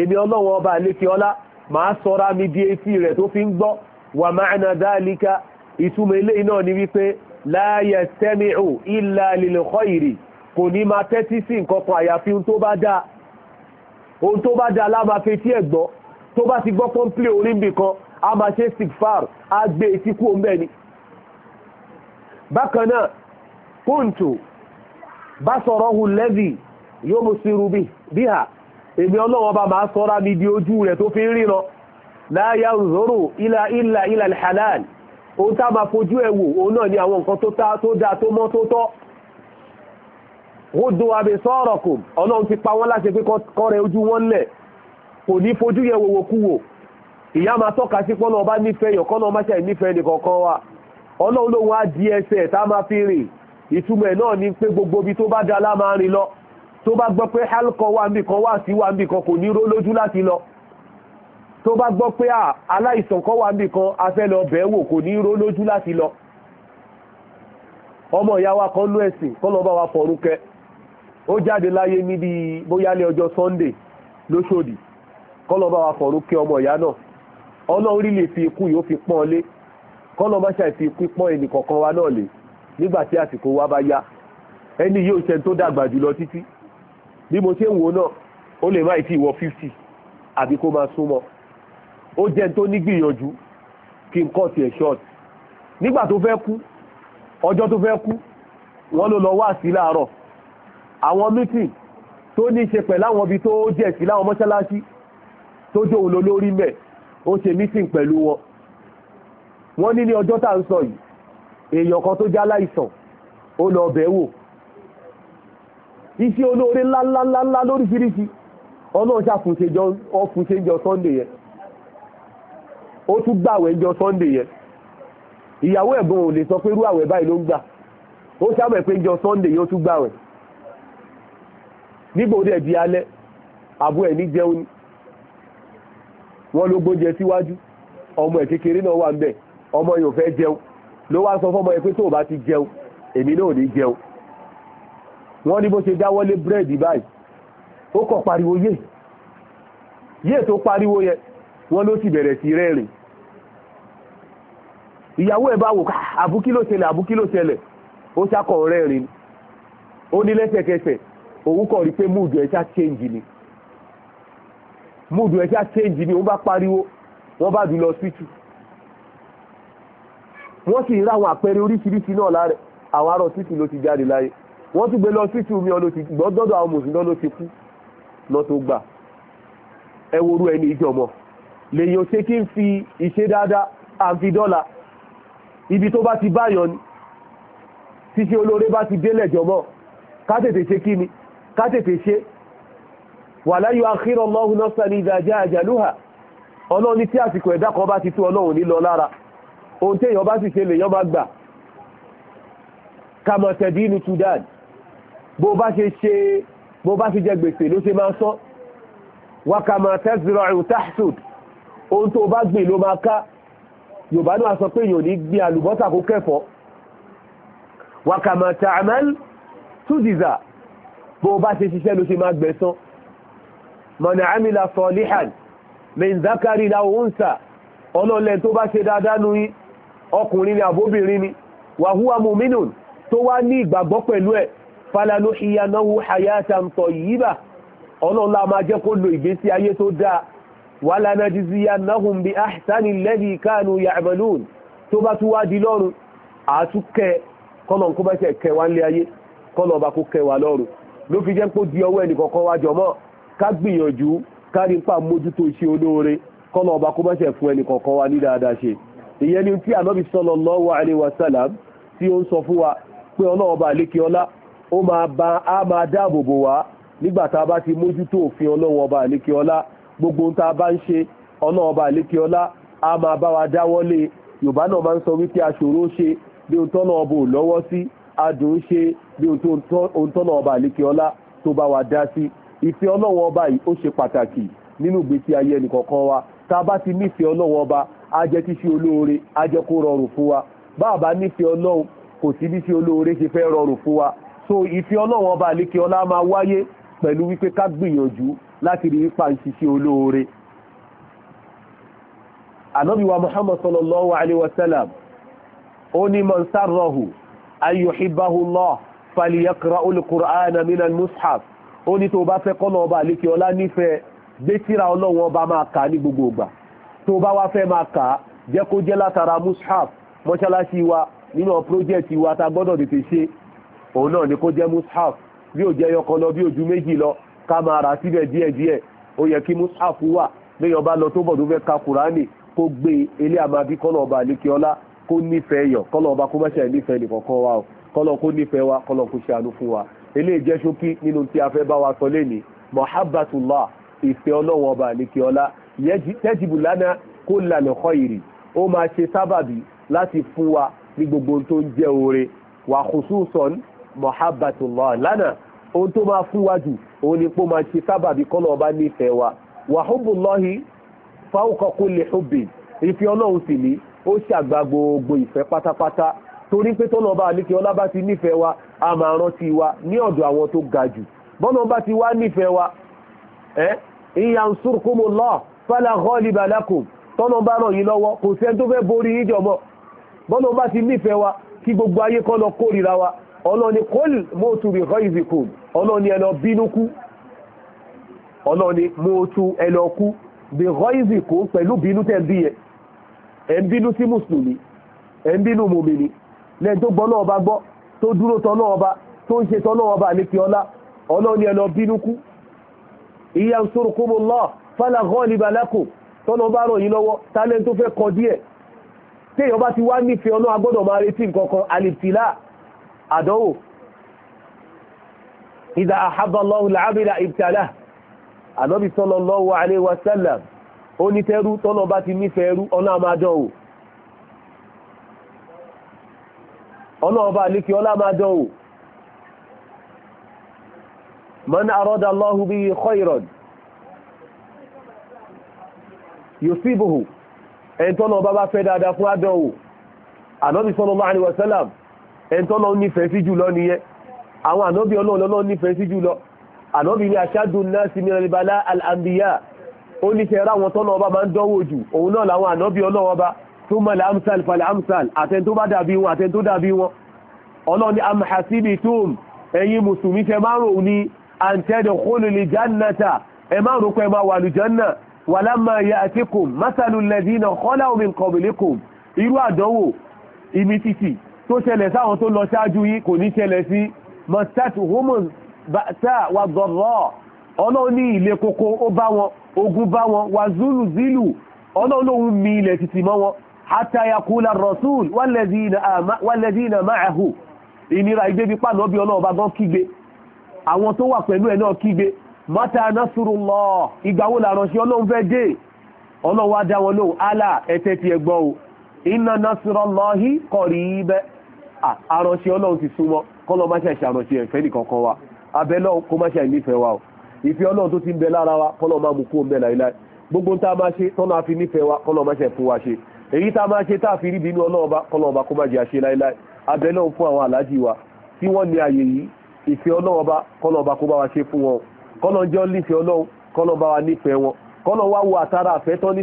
èmi ọlọ́wọ́ ọba àlékè ọlá máa sọra mi di etí rẹ̀ tó fi ń gbọ́ wà máa na dáàlíkà ìtumọ̀ eléyìí náà ni ohun tó bá dáa ohun tó bá dáa tó bá ti gbọ́ pọ́ńpìlẹ̀ orí nbì kan a máa ṣe sigfar a gbé etí kú òun bẹ́ẹ̀ ni. bákan náà kóńtò bá sọ̀rọ̀ hù lẹ́bì yóò mú sí rubí bí hà èmi ọlọ́wọ́ bá máa sọ́ra mi di ojú rẹ̀ tó fi ń ríran láyá òzòrò ilá ilá ilá halal ohun tá máa fojú ẹ̀ wò òun náà ni àwọn nǹkan tó dáa tó mọ́ tó tọ́ ó dùn àbẹ̀ sọ́ọ̀rọ̀ kù ọlọ́run ti pa wọ́n láṣẹ pé kọ́rẹ̀ ojú wọn lẹ̀ kò ní fojú yẹ wòwò kú wò ìyá máa tọ́ka sí pọ́nà ọba nífẹ̀ẹ́ yọ̀ kọ́nà ọmọ ṣẹ̀ nífẹ̀ẹ́ nìkọ̀ọ̀kan wa ọlọ́run lòun á di ẹsẹ̀ tá a máa fi rìn ìtumọ̀ ẹ̀ náà ni pé gbogbo ibi tó bá da lá máa rìn lọ tó bá gbọ́ pé alkọ̀ wà níbi kan wà sí wà níbi kan kò ní ró lójú láti lọ tó bá gbọ́ pé aláìsàn kan wà níbi kan afẹ́ lọ bẹ̀ẹ́ wò kò ní ró lójú láti lọ ọmọ ìyá wa kan ló ẹ̀sìn kọ́ lọ́ọ́ bá wa fọ̀rùn ó jáde láyé níbi bóyá lé ọjọ́ Sunday lóṣòdì kọ́lọ́ bá wa fọ̀rún kí ọmọ ìyá náà ọlọ́run rí lè fi ikú yóò fi pọ́n lé kọ́lọ́ bá ṣàì fi ikú pọ́n ẹnì kọ̀ọ̀kan wa náà lè nígbà tí àsìkò wa bá yá ẹni yóò ṣe tó dàgbà jùlọ títí bí mo ṣe ń wò náà ó lè má ì tí ìwọ fifty àbí kó máa súnmọ́ ó jẹ́ tó nígbìyànjú kí n kọ́ tiẹ̀ short nígbà tó fẹ́ kú ọjọ́ tó fẹ́ kú wọ́n ló lọ wá sí láàárọ̀ àwọn meeting tó ní í ṣe pẹ̀lú àwọn ibi tó jẹ́ sí láwọn mọ́ṣáláṣí tó jó òun lólórí mẹ́ ó ṣe mítìn pẹ̀lú wọn wọ́n ní ní ọjọ́ tá ń sọ yìí èèyàn kan tó já láìsàn ó lọ bẹ̀ wò iṣẹ́ olóore ńláńláńlá lóríṣiríṣi ọlọ́run ṣàfùnṣejọ ọfùnṣejọ sunday yẹn ó tún gbàwẹ̀ jọ sunday yẹn ìyàwó ẹ̀gbọ́n ò lè sọ pé irú àwẹ̀ báyìí ló ń gbà ó sábẹ̀ pé jọ sunday yóò tún gbàwẹ̀ nígbò dẹ̀ di alẹ́ àbú ẹ̀ ní jẹun ni wọ́n ló gbóúnjẹ síwájú ọmọ ẹ̀ kékeré náà wà ń bẹ̀ ọmọ yóò fẹ́ jẹun ló wá sọ fọ́mọ ẹ pé tó o bá ti jẹun èmi náà ò ní jẹun wọ́n ní bó ṣe dáwọ́lé búrẹ́dì báyìí ó kọ̀ pariwo yé yé tó pariwo yẹ wọ́n ló sì bẹ̀rẹ̀ sí rẹ́rìn ìyàwó ẹ̀ bá wò ká àbúkí ṣẹlẹ̀ àbúkí ṣẹlẹ̀ ó ṣàkọ̀ rẹ́rìn ó ní lẹ́sẹ̀kẹsẹ̀ òun kọ̀ rí pé múùdù ẹ̀ ṣá change ni múdù ẹ̀ṣá change ni wọ́n bá pariwo wọ́n bá dùn lọ síkì wọ́n sì rí àwọn àpẹẹrẹ oríṣiríṣi náà lára àwọn arọ síkì ló ti jáde láyé wọ́n tún gbé lọ síkì omi ọ̀nà ti gbọ́dọ̀ àwọn mùsùlùmí ló ti kú lọ tó gbà ẹ wo orú ẹni ìjọmọ lèyìn ṣe kí n fi ìṣe dáadáa àǹfi dọ́là ibi tó bá ti báyọ̀ ni ṣíṣe olóore bá ti délẹ̀ jọmọ ká tètè ṣe kí ni ká tètè ṣe wala yu'akhiru Allahu nafsan idha jaa ajaluha ọlọ́run ní tí àsìkò ẹ̀dá kan bá ti tó ọlọ́run ní lọ lára ohun tí èèyàn bá sì ṣe lèèyàn bá gbà kàmọ̀ tẹ̀dí inú sudan bó bá ṣe ṣe bó bá ṣe jẹ gbèsè ló ṣe máa sán wakàmọ̀ tẹ́sìrọ̀ ẹ̀rù tahsud ohun tó bá gbìn ló máa ká yorùbá náà sọ pé èèyàn ní gbin àlùbọ́sà kó kẹ́fọ́ wakàmọ̀ tààmẹ́l túdìzà bó bá ṣe ṣiṣẹ́ ló ṣe máa gbẹ̀san mọ̀nà àmìlà sọ̀líhàn mẹ́ǹdákàrí láwọ́nsà ọlọ́lẹ̀ tó bá ṣe dáadáa nú yín ọkùnrin ni àbóbìnrin ni wàhúwà mùmínùn tó wá ní ìgbàgbọ́ pẹ̀lú ẹ̀ falanu ìyànáwó hayatan tayyiba ọlọ́lá máa jẹ́ kó lo ìgbésí ayé tó dáa wàlànà jìzìyànáhùn bí ahsani lẹ́dí kánú ya'malun tó bá tún wá di kó bá ṣe kẹwàá ń lé ayé kọ́lọ̀ ọba kó kẹwàá lọ́rùn ló fi jẹ́ kó di ọwọ́ ẹnìkọ̀ọ̀kan wájọ mọ́ ká gbìyànjú kárí ń pa mójútó iṣẹ́ olóore kọ́nà ọba kó mọ́ṣẹ̀ fún ẹnì kọ̀ọ̀kan wa ní dáadáa ṣe ìyẹn ni tí ànábì sallallahu alaihi wasallam tí ó ń sọ fún wa pé ọlọ́ọba àlékè ọlá ó máa bá a máa dáàbò bò wá nígbà tá a bá ti mójútó òfin ọlọ́wọ́ ọba àlékè ọlá gbogbo tá a bá ń ṣe ọlọ́ọba àlékè ọlá a máa bá wa dáwọ́lé yorùbá náà máa ń sọ wípé aṣòro ṣe bí ohun tọ́nà ọba ò lọ́wọ́ sí adùn ṣe bí ohun tọ́nà ọba àlékè ọlá tó bá wa dá sí ìfẹ́ ọlọ́wọ́ ọba yìí ó ṣe pàtàkì nínú ìgbésí ayé ẹnìkọ̀ọ̀kan wa tá a bá ti nífẹ̀ẹ́ ọlọ́wọ́ ọba á jẹ́ kí ṣe olóore á jẹ́ kó rọrùn fún wa bá a bá nífẹ̀ẹ́ ọlọ́run kò sí bí ṣe olóore ṣe fẹ́ rọrùn fún wa so ìfẹ́ ọlọ́wọ́ ọba àlékè ọlá máa wáyé pẹ̀lú wípé ká gbìyànjú láti rí ipa ṣiṣẹ́ olóore ànábì muhammad sallallahu alayhi wa sallam ó ní man sarrahu an Allah falyakra'u al-Qur'ana min al ó ní tó bá fẹ́ kọ́lọ̀ ọba àlékè ọlá nífẹ̀ẹ́ gbé tírà ọlọ́run ọba máa kà ní gbogbo ìgbà tó bá wá fẹ́ máa kà jẹ́ kó jẹ́ látara mushaf mọ́ṣáláṣí wa nínú project wa ta gbọ́dọ̀ tètè ṣe òun náà ni kó jẹ́ mushaf bí ò jẹ́ yọkan lọ bí ojú méjì lọ ká máa rà síbẹ̀ díẹ̀díẹ̀ ó yẹ kí mushaf wà léèyàn bá lọ tó bọ̀ tó fẹ́ ka kùránì kó gbé ilé àmàbí kọ́lọ̀ ọba àlékè ọlá kó nífẹ̀ẹ́ yọ̀ kọ́lọ̀ ọba kó má eléyìí jẹ́ ṣókí nínú tí a fẹ́ bá wa sọ lẹ́ni mahabbatullah ìfẹ́ ọlọ́wọ́n ọba àlekè ọlá tẹ́jìbù lánàá kó lànà khairi ó máa ṣe sábàbí láti fún wa ní gbogbo tó ń jẹ́ oore wa khususan mahabbatullah lánàá ohun tó máa fún wa jù òun ni pé ó máa ṣe sábàbí kọ́nà ọba nífẹ̀ẹ́ wa wa hubbullahi fawqa kulli hubbi ìfẹ́ ọlọ́run sì ní ó ṣàgbà gbogbo ìfẹ́ pátápátá torí pé tọ́nà ọba àlékẹ́ ọlá bá ti nífẹ̀ẹ́ wa a máa rántí wa ní ọ̀dọ̀ àwọn tó ga jù bọ́nà bá ti wá nífẹ̀ẹ́ wa ẹ́ iyansurkumullah fala ghaliba lakum tọ́nà bá ràn yín lọ́wọ́ kò sẹ́ni tó fẹ́ borí yín jọ̀mọ́ bọ́nà bá ti nífẹ̀ẹ́ wa kí gbogbo ayé kọ́ lọ kórìíra wa ọlọ́ni kol mọ́tù bi ghayzikum ọlọ́ni ẹlọ bínú kú ọlọ́ni mọ́tù ẹlọ kú bi ghayzikum pẹ̀lú bínú tẹ̀ bí yẹn ẹ̀ ń bínú sí mùsùlùmí ẹ̀ ń bínú mòmìnir lẹ́yìn tó náà ọba gbọ́ tó dúró tọ́nà ọba tó ń ṣe tọ́nà ọba alipiọla ọlá ọlọ́ọ̀ni ẹ̀ lọ bínú kú ìyá sórùkúmùlá fálà tọ́nà bá ràn yín lọ́wọ́ tálẹ́ tó fẹ́ kọ díẹ̀ bá ti wá nífẹ̀ẹ́ ọlọ́ agbọ́dọ̀ máa retí alìtìlá àdánwò ìdá làábìlà ọlọ́ọ̀bá alékí ọlá máa dánwò man arada Allahu bihi khayran yusibuhu ẹ̀ntọ́nà ọba bá fẹ́ dáadáa fún àdánwò ànábì sallallahu alaihi wasallam ẹ̀ntọ́nà nífẹ̀ẹ́ sí jùlọ nìyẹn àwọn ànábì ọlọ́ọ̀lọ́ nífẹ̀ẹ́ sí jùlọ ànábì ní ashaddu nnasi min al-bala al-anbiya ó níṣẹ́ ráwọn tọ́nà ọba máa ń dánwò jù òun náà làwọn ànábì ọlọ́ọ̀ọba thumma al-amsal fal-amsal àtẹn tó bá dàbí wọn àtẹn tó dàbí wọn ọlọ́ni am hasibitum ẹ̀yin mùsùlùmí tẹ máa rò ní an tadkhulul jannata ẹ máa rò pé máa wà lùjánà walamma ya'tikum mathalul ladhina khalaw min irú àdánwò ìmìtìtì tó ṣẹlẹ̀ sáwọn tó lọ ṣáájú yìí kò ní ṣẹlẹ̀ sí mọ̀tàtù homo bàtà wà gọ̀rọ̀ ọlọ́run ilé koko ó bá wọn ogun bá wọn wà zúlù zílù ọlọ́run mi ilẹ̀ títì mọ́ wọn hátà yakula rasul wàlẹ́dínà máàhù ìnira ìdébi pàánà bí ọlọ́run bá gan kígbe àwọn tó wà pẹ̀lú ẹ̀ náà mata nasrullah ìgbà wo làránṣẹ́ ọlọ́run fẹ́ dé ọlọ́run wá dá wọn lóhùn allah ẹ̀tẹ́ ti ẹ̀gbọ́n o inna nasrullahi qarib àránṣẹ́ ọlọ́run ti súnmọ́ kọ́lọ́ má wa wa o ti ń wa kọ́lọ́ ma mu kó ń bẹ gbogbo ma wa ma èyí tá máa ṣe táàfin níbi inú ọlọ́ọba kó má jẹ́ àṣe láíláí fún àwọn aláàjì wa tí wọ́n ní ààyè yìí ìfẹ́ ọlọ́ọba kọ́lọ́ọba kó bá wa ṣe fún wọn kọ́lọ́ nífẹ̀ẹ́ ọlọ́run kọ́lọ́ wa nífẹ̀ẹ́ wọn kọlọ wo àtàrà ní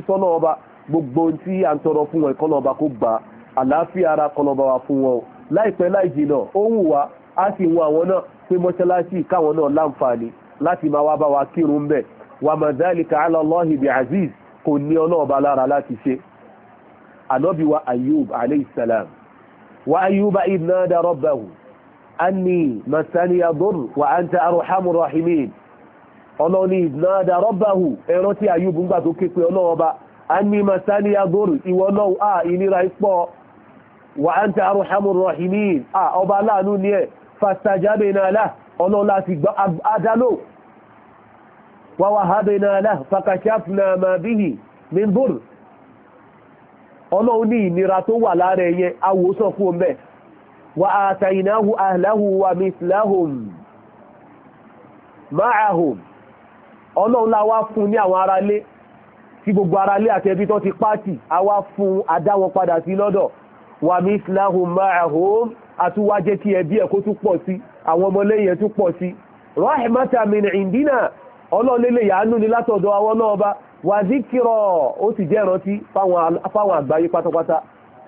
gbogbo tí à ń tọrọ fún wọn kọ́lọ́ọba kó gbà láìpẹ́ láì jìnà á sì àwọn náà pé mọ́ṣáláṣí káwọn náà láti máa wá kírun bẹ́ẹ̀ ànábì wa ayub alayhi salam wa ayuba idnada rabbahu anni masani adur wa anta arhamu rahimin ọlọ́run ní idnada rabbahu ẹ̀rọ tí ayub ń gbà tó ké pé ọlọ́run ọba anni masani adur ìwọ náà à ìnira ipò wa anta arhamu rahimin à ọba aláàánú ni ẹ̀ fastajabna lah ọlọ́run láti gbọ́ min dur ọlọ́run ní ìnira tó wà lára ẹyẹ awòsàn fún ọmọ ẹ̀ wà àtàyìnáhù ahlahu wà mislahum ma'ahum ọlọ́run láwá fún ní àwọn aráalé tí gbogbo aráalé àtẹbí tó ti pàtì awá fún adáwọn padà sí lọ́dọ̀ wà mislahum ma'ahum àtúwá jẹ́ kí ẹbí tún pọ̀ sí àwọn ọmọlẹ́yìn indina ọlọ́run wà zíkìrọ̀ ó sì jẹ́ ìrántí fáwọn àgbáyé pátápátá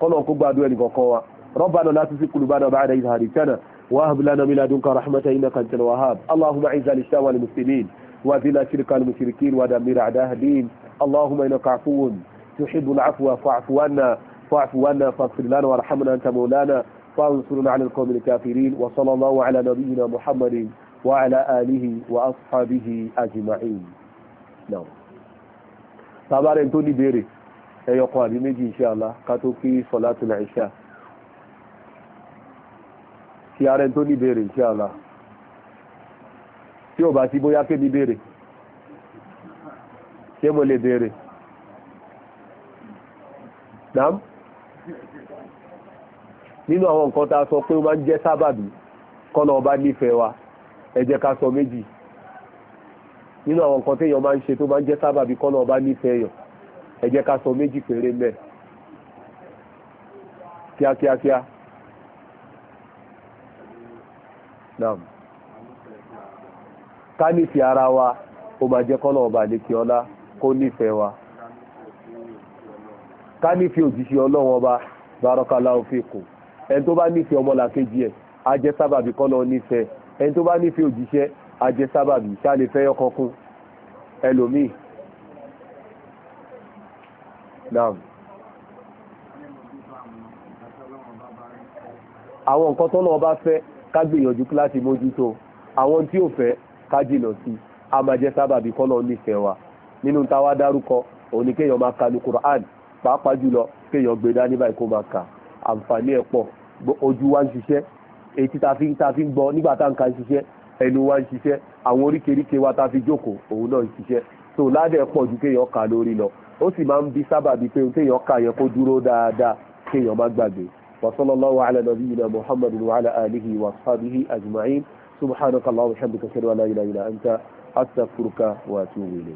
kọ́nà kó gbádùn ẹnì kọ̀ọ̀kan wa ربنا لا تزغ قلوبنا بعد إذ هديتنا وهب لنا من لدنك رحمة إنك أنت الوهاب اللهم أعز الإسلام والمسلمين وأذل شرك المشركين ودمر أعداء الدين اللهم إنك عفو تحب العفو فاعف عنا فاعف عنا فاغفر لنا وارحمنا أنت مولانا فانصرنا على القوم الكافرين وصلى الله على نبينا محمد وعلى آله وأصحابه أجمعين نعم tabarẹ́ tó ní béèrè ẹyọkan àbí méjì insha Allah ká tó kí salatul isha tí ara tó ní béèrè insha Allah tí ò bá sí bóyá kébi béèrè ṣé mo lè béèrè dám nínú àwọn nǹkan tá sọ pé ó jẹ́ sábàbí kọ́nà ọba nífẹ̀ẹ́ wa ẹ ká sọ méjì nínú àwọn nǹkan téèyàn máa ń ṣe tó máa ń jẹ́ sábàbí kọ́nà ọba nífẹ̀ẹ́ yàn ẹ jẹ́ ká sọ méjì péré mẹ́ẹ̀ kíákíákíá naam ká nífẹ̀ẹ́ ara wa ó máa jẹ́ kọ́nà ọba àdékè ọlá kó nífẹ̀ẹ́ wa ká nífẹ̀ẹ́ òjíṣẹ́ ọlọ́wọ́n ọba barakallahu fikum ẹni tó bá nífẹ̀ẹ́ ọmọlàkejì ẹ̀ á jẹ́ sábàbí kọ́nà nífẹ̀ẹ́ ẹni tó bá nífẹ̀ẹ́ òjíṣẹ́ ajẹ́ sábàbí tá lè fẹ́ yọkọkún ẹlòmíì naam àwọn nǹkan tọ́nà ọba fẹ́ ká gbìyànjú kíláàsì mójútó àwọn tí ò fẹ́ ká jìnà sí a máa jẹ́ sábàbí kọ́nà nífẹ̀ẹ́ wa nínú táwa dárúkọ òní kéèyàn máa ka ní Quran pàápàá jùlọ kéèyàn gbé dání báyìí kó máa kà àǹfààní ẹ̀ pọ̀ ojú wa ń ṣiṣẹ́ etí ta fi ń gbọ́ nígbà tá à ń ka ń ṣiṣẹ́ ẹnu wa ń ṣiṣẹ́ àwọn oríkèéríkèé wa ta fi jókòó òun náà ń ṣiṣẹ́ so ládẹ̀ pọ̀ ju kéèyàn kà lórí lọ ó sì máa ń bi sábàbí pé kéèyàn kà yẹn kó dúró dáadáa kéèyàn má gbàgbé وصلى الله على نبينا محمد وعلى آله وأصحابه أجمعين سبحانك اللهم وبحمدك أشهد أن لا إله إلا أنت أستغفرك وأتوب إليك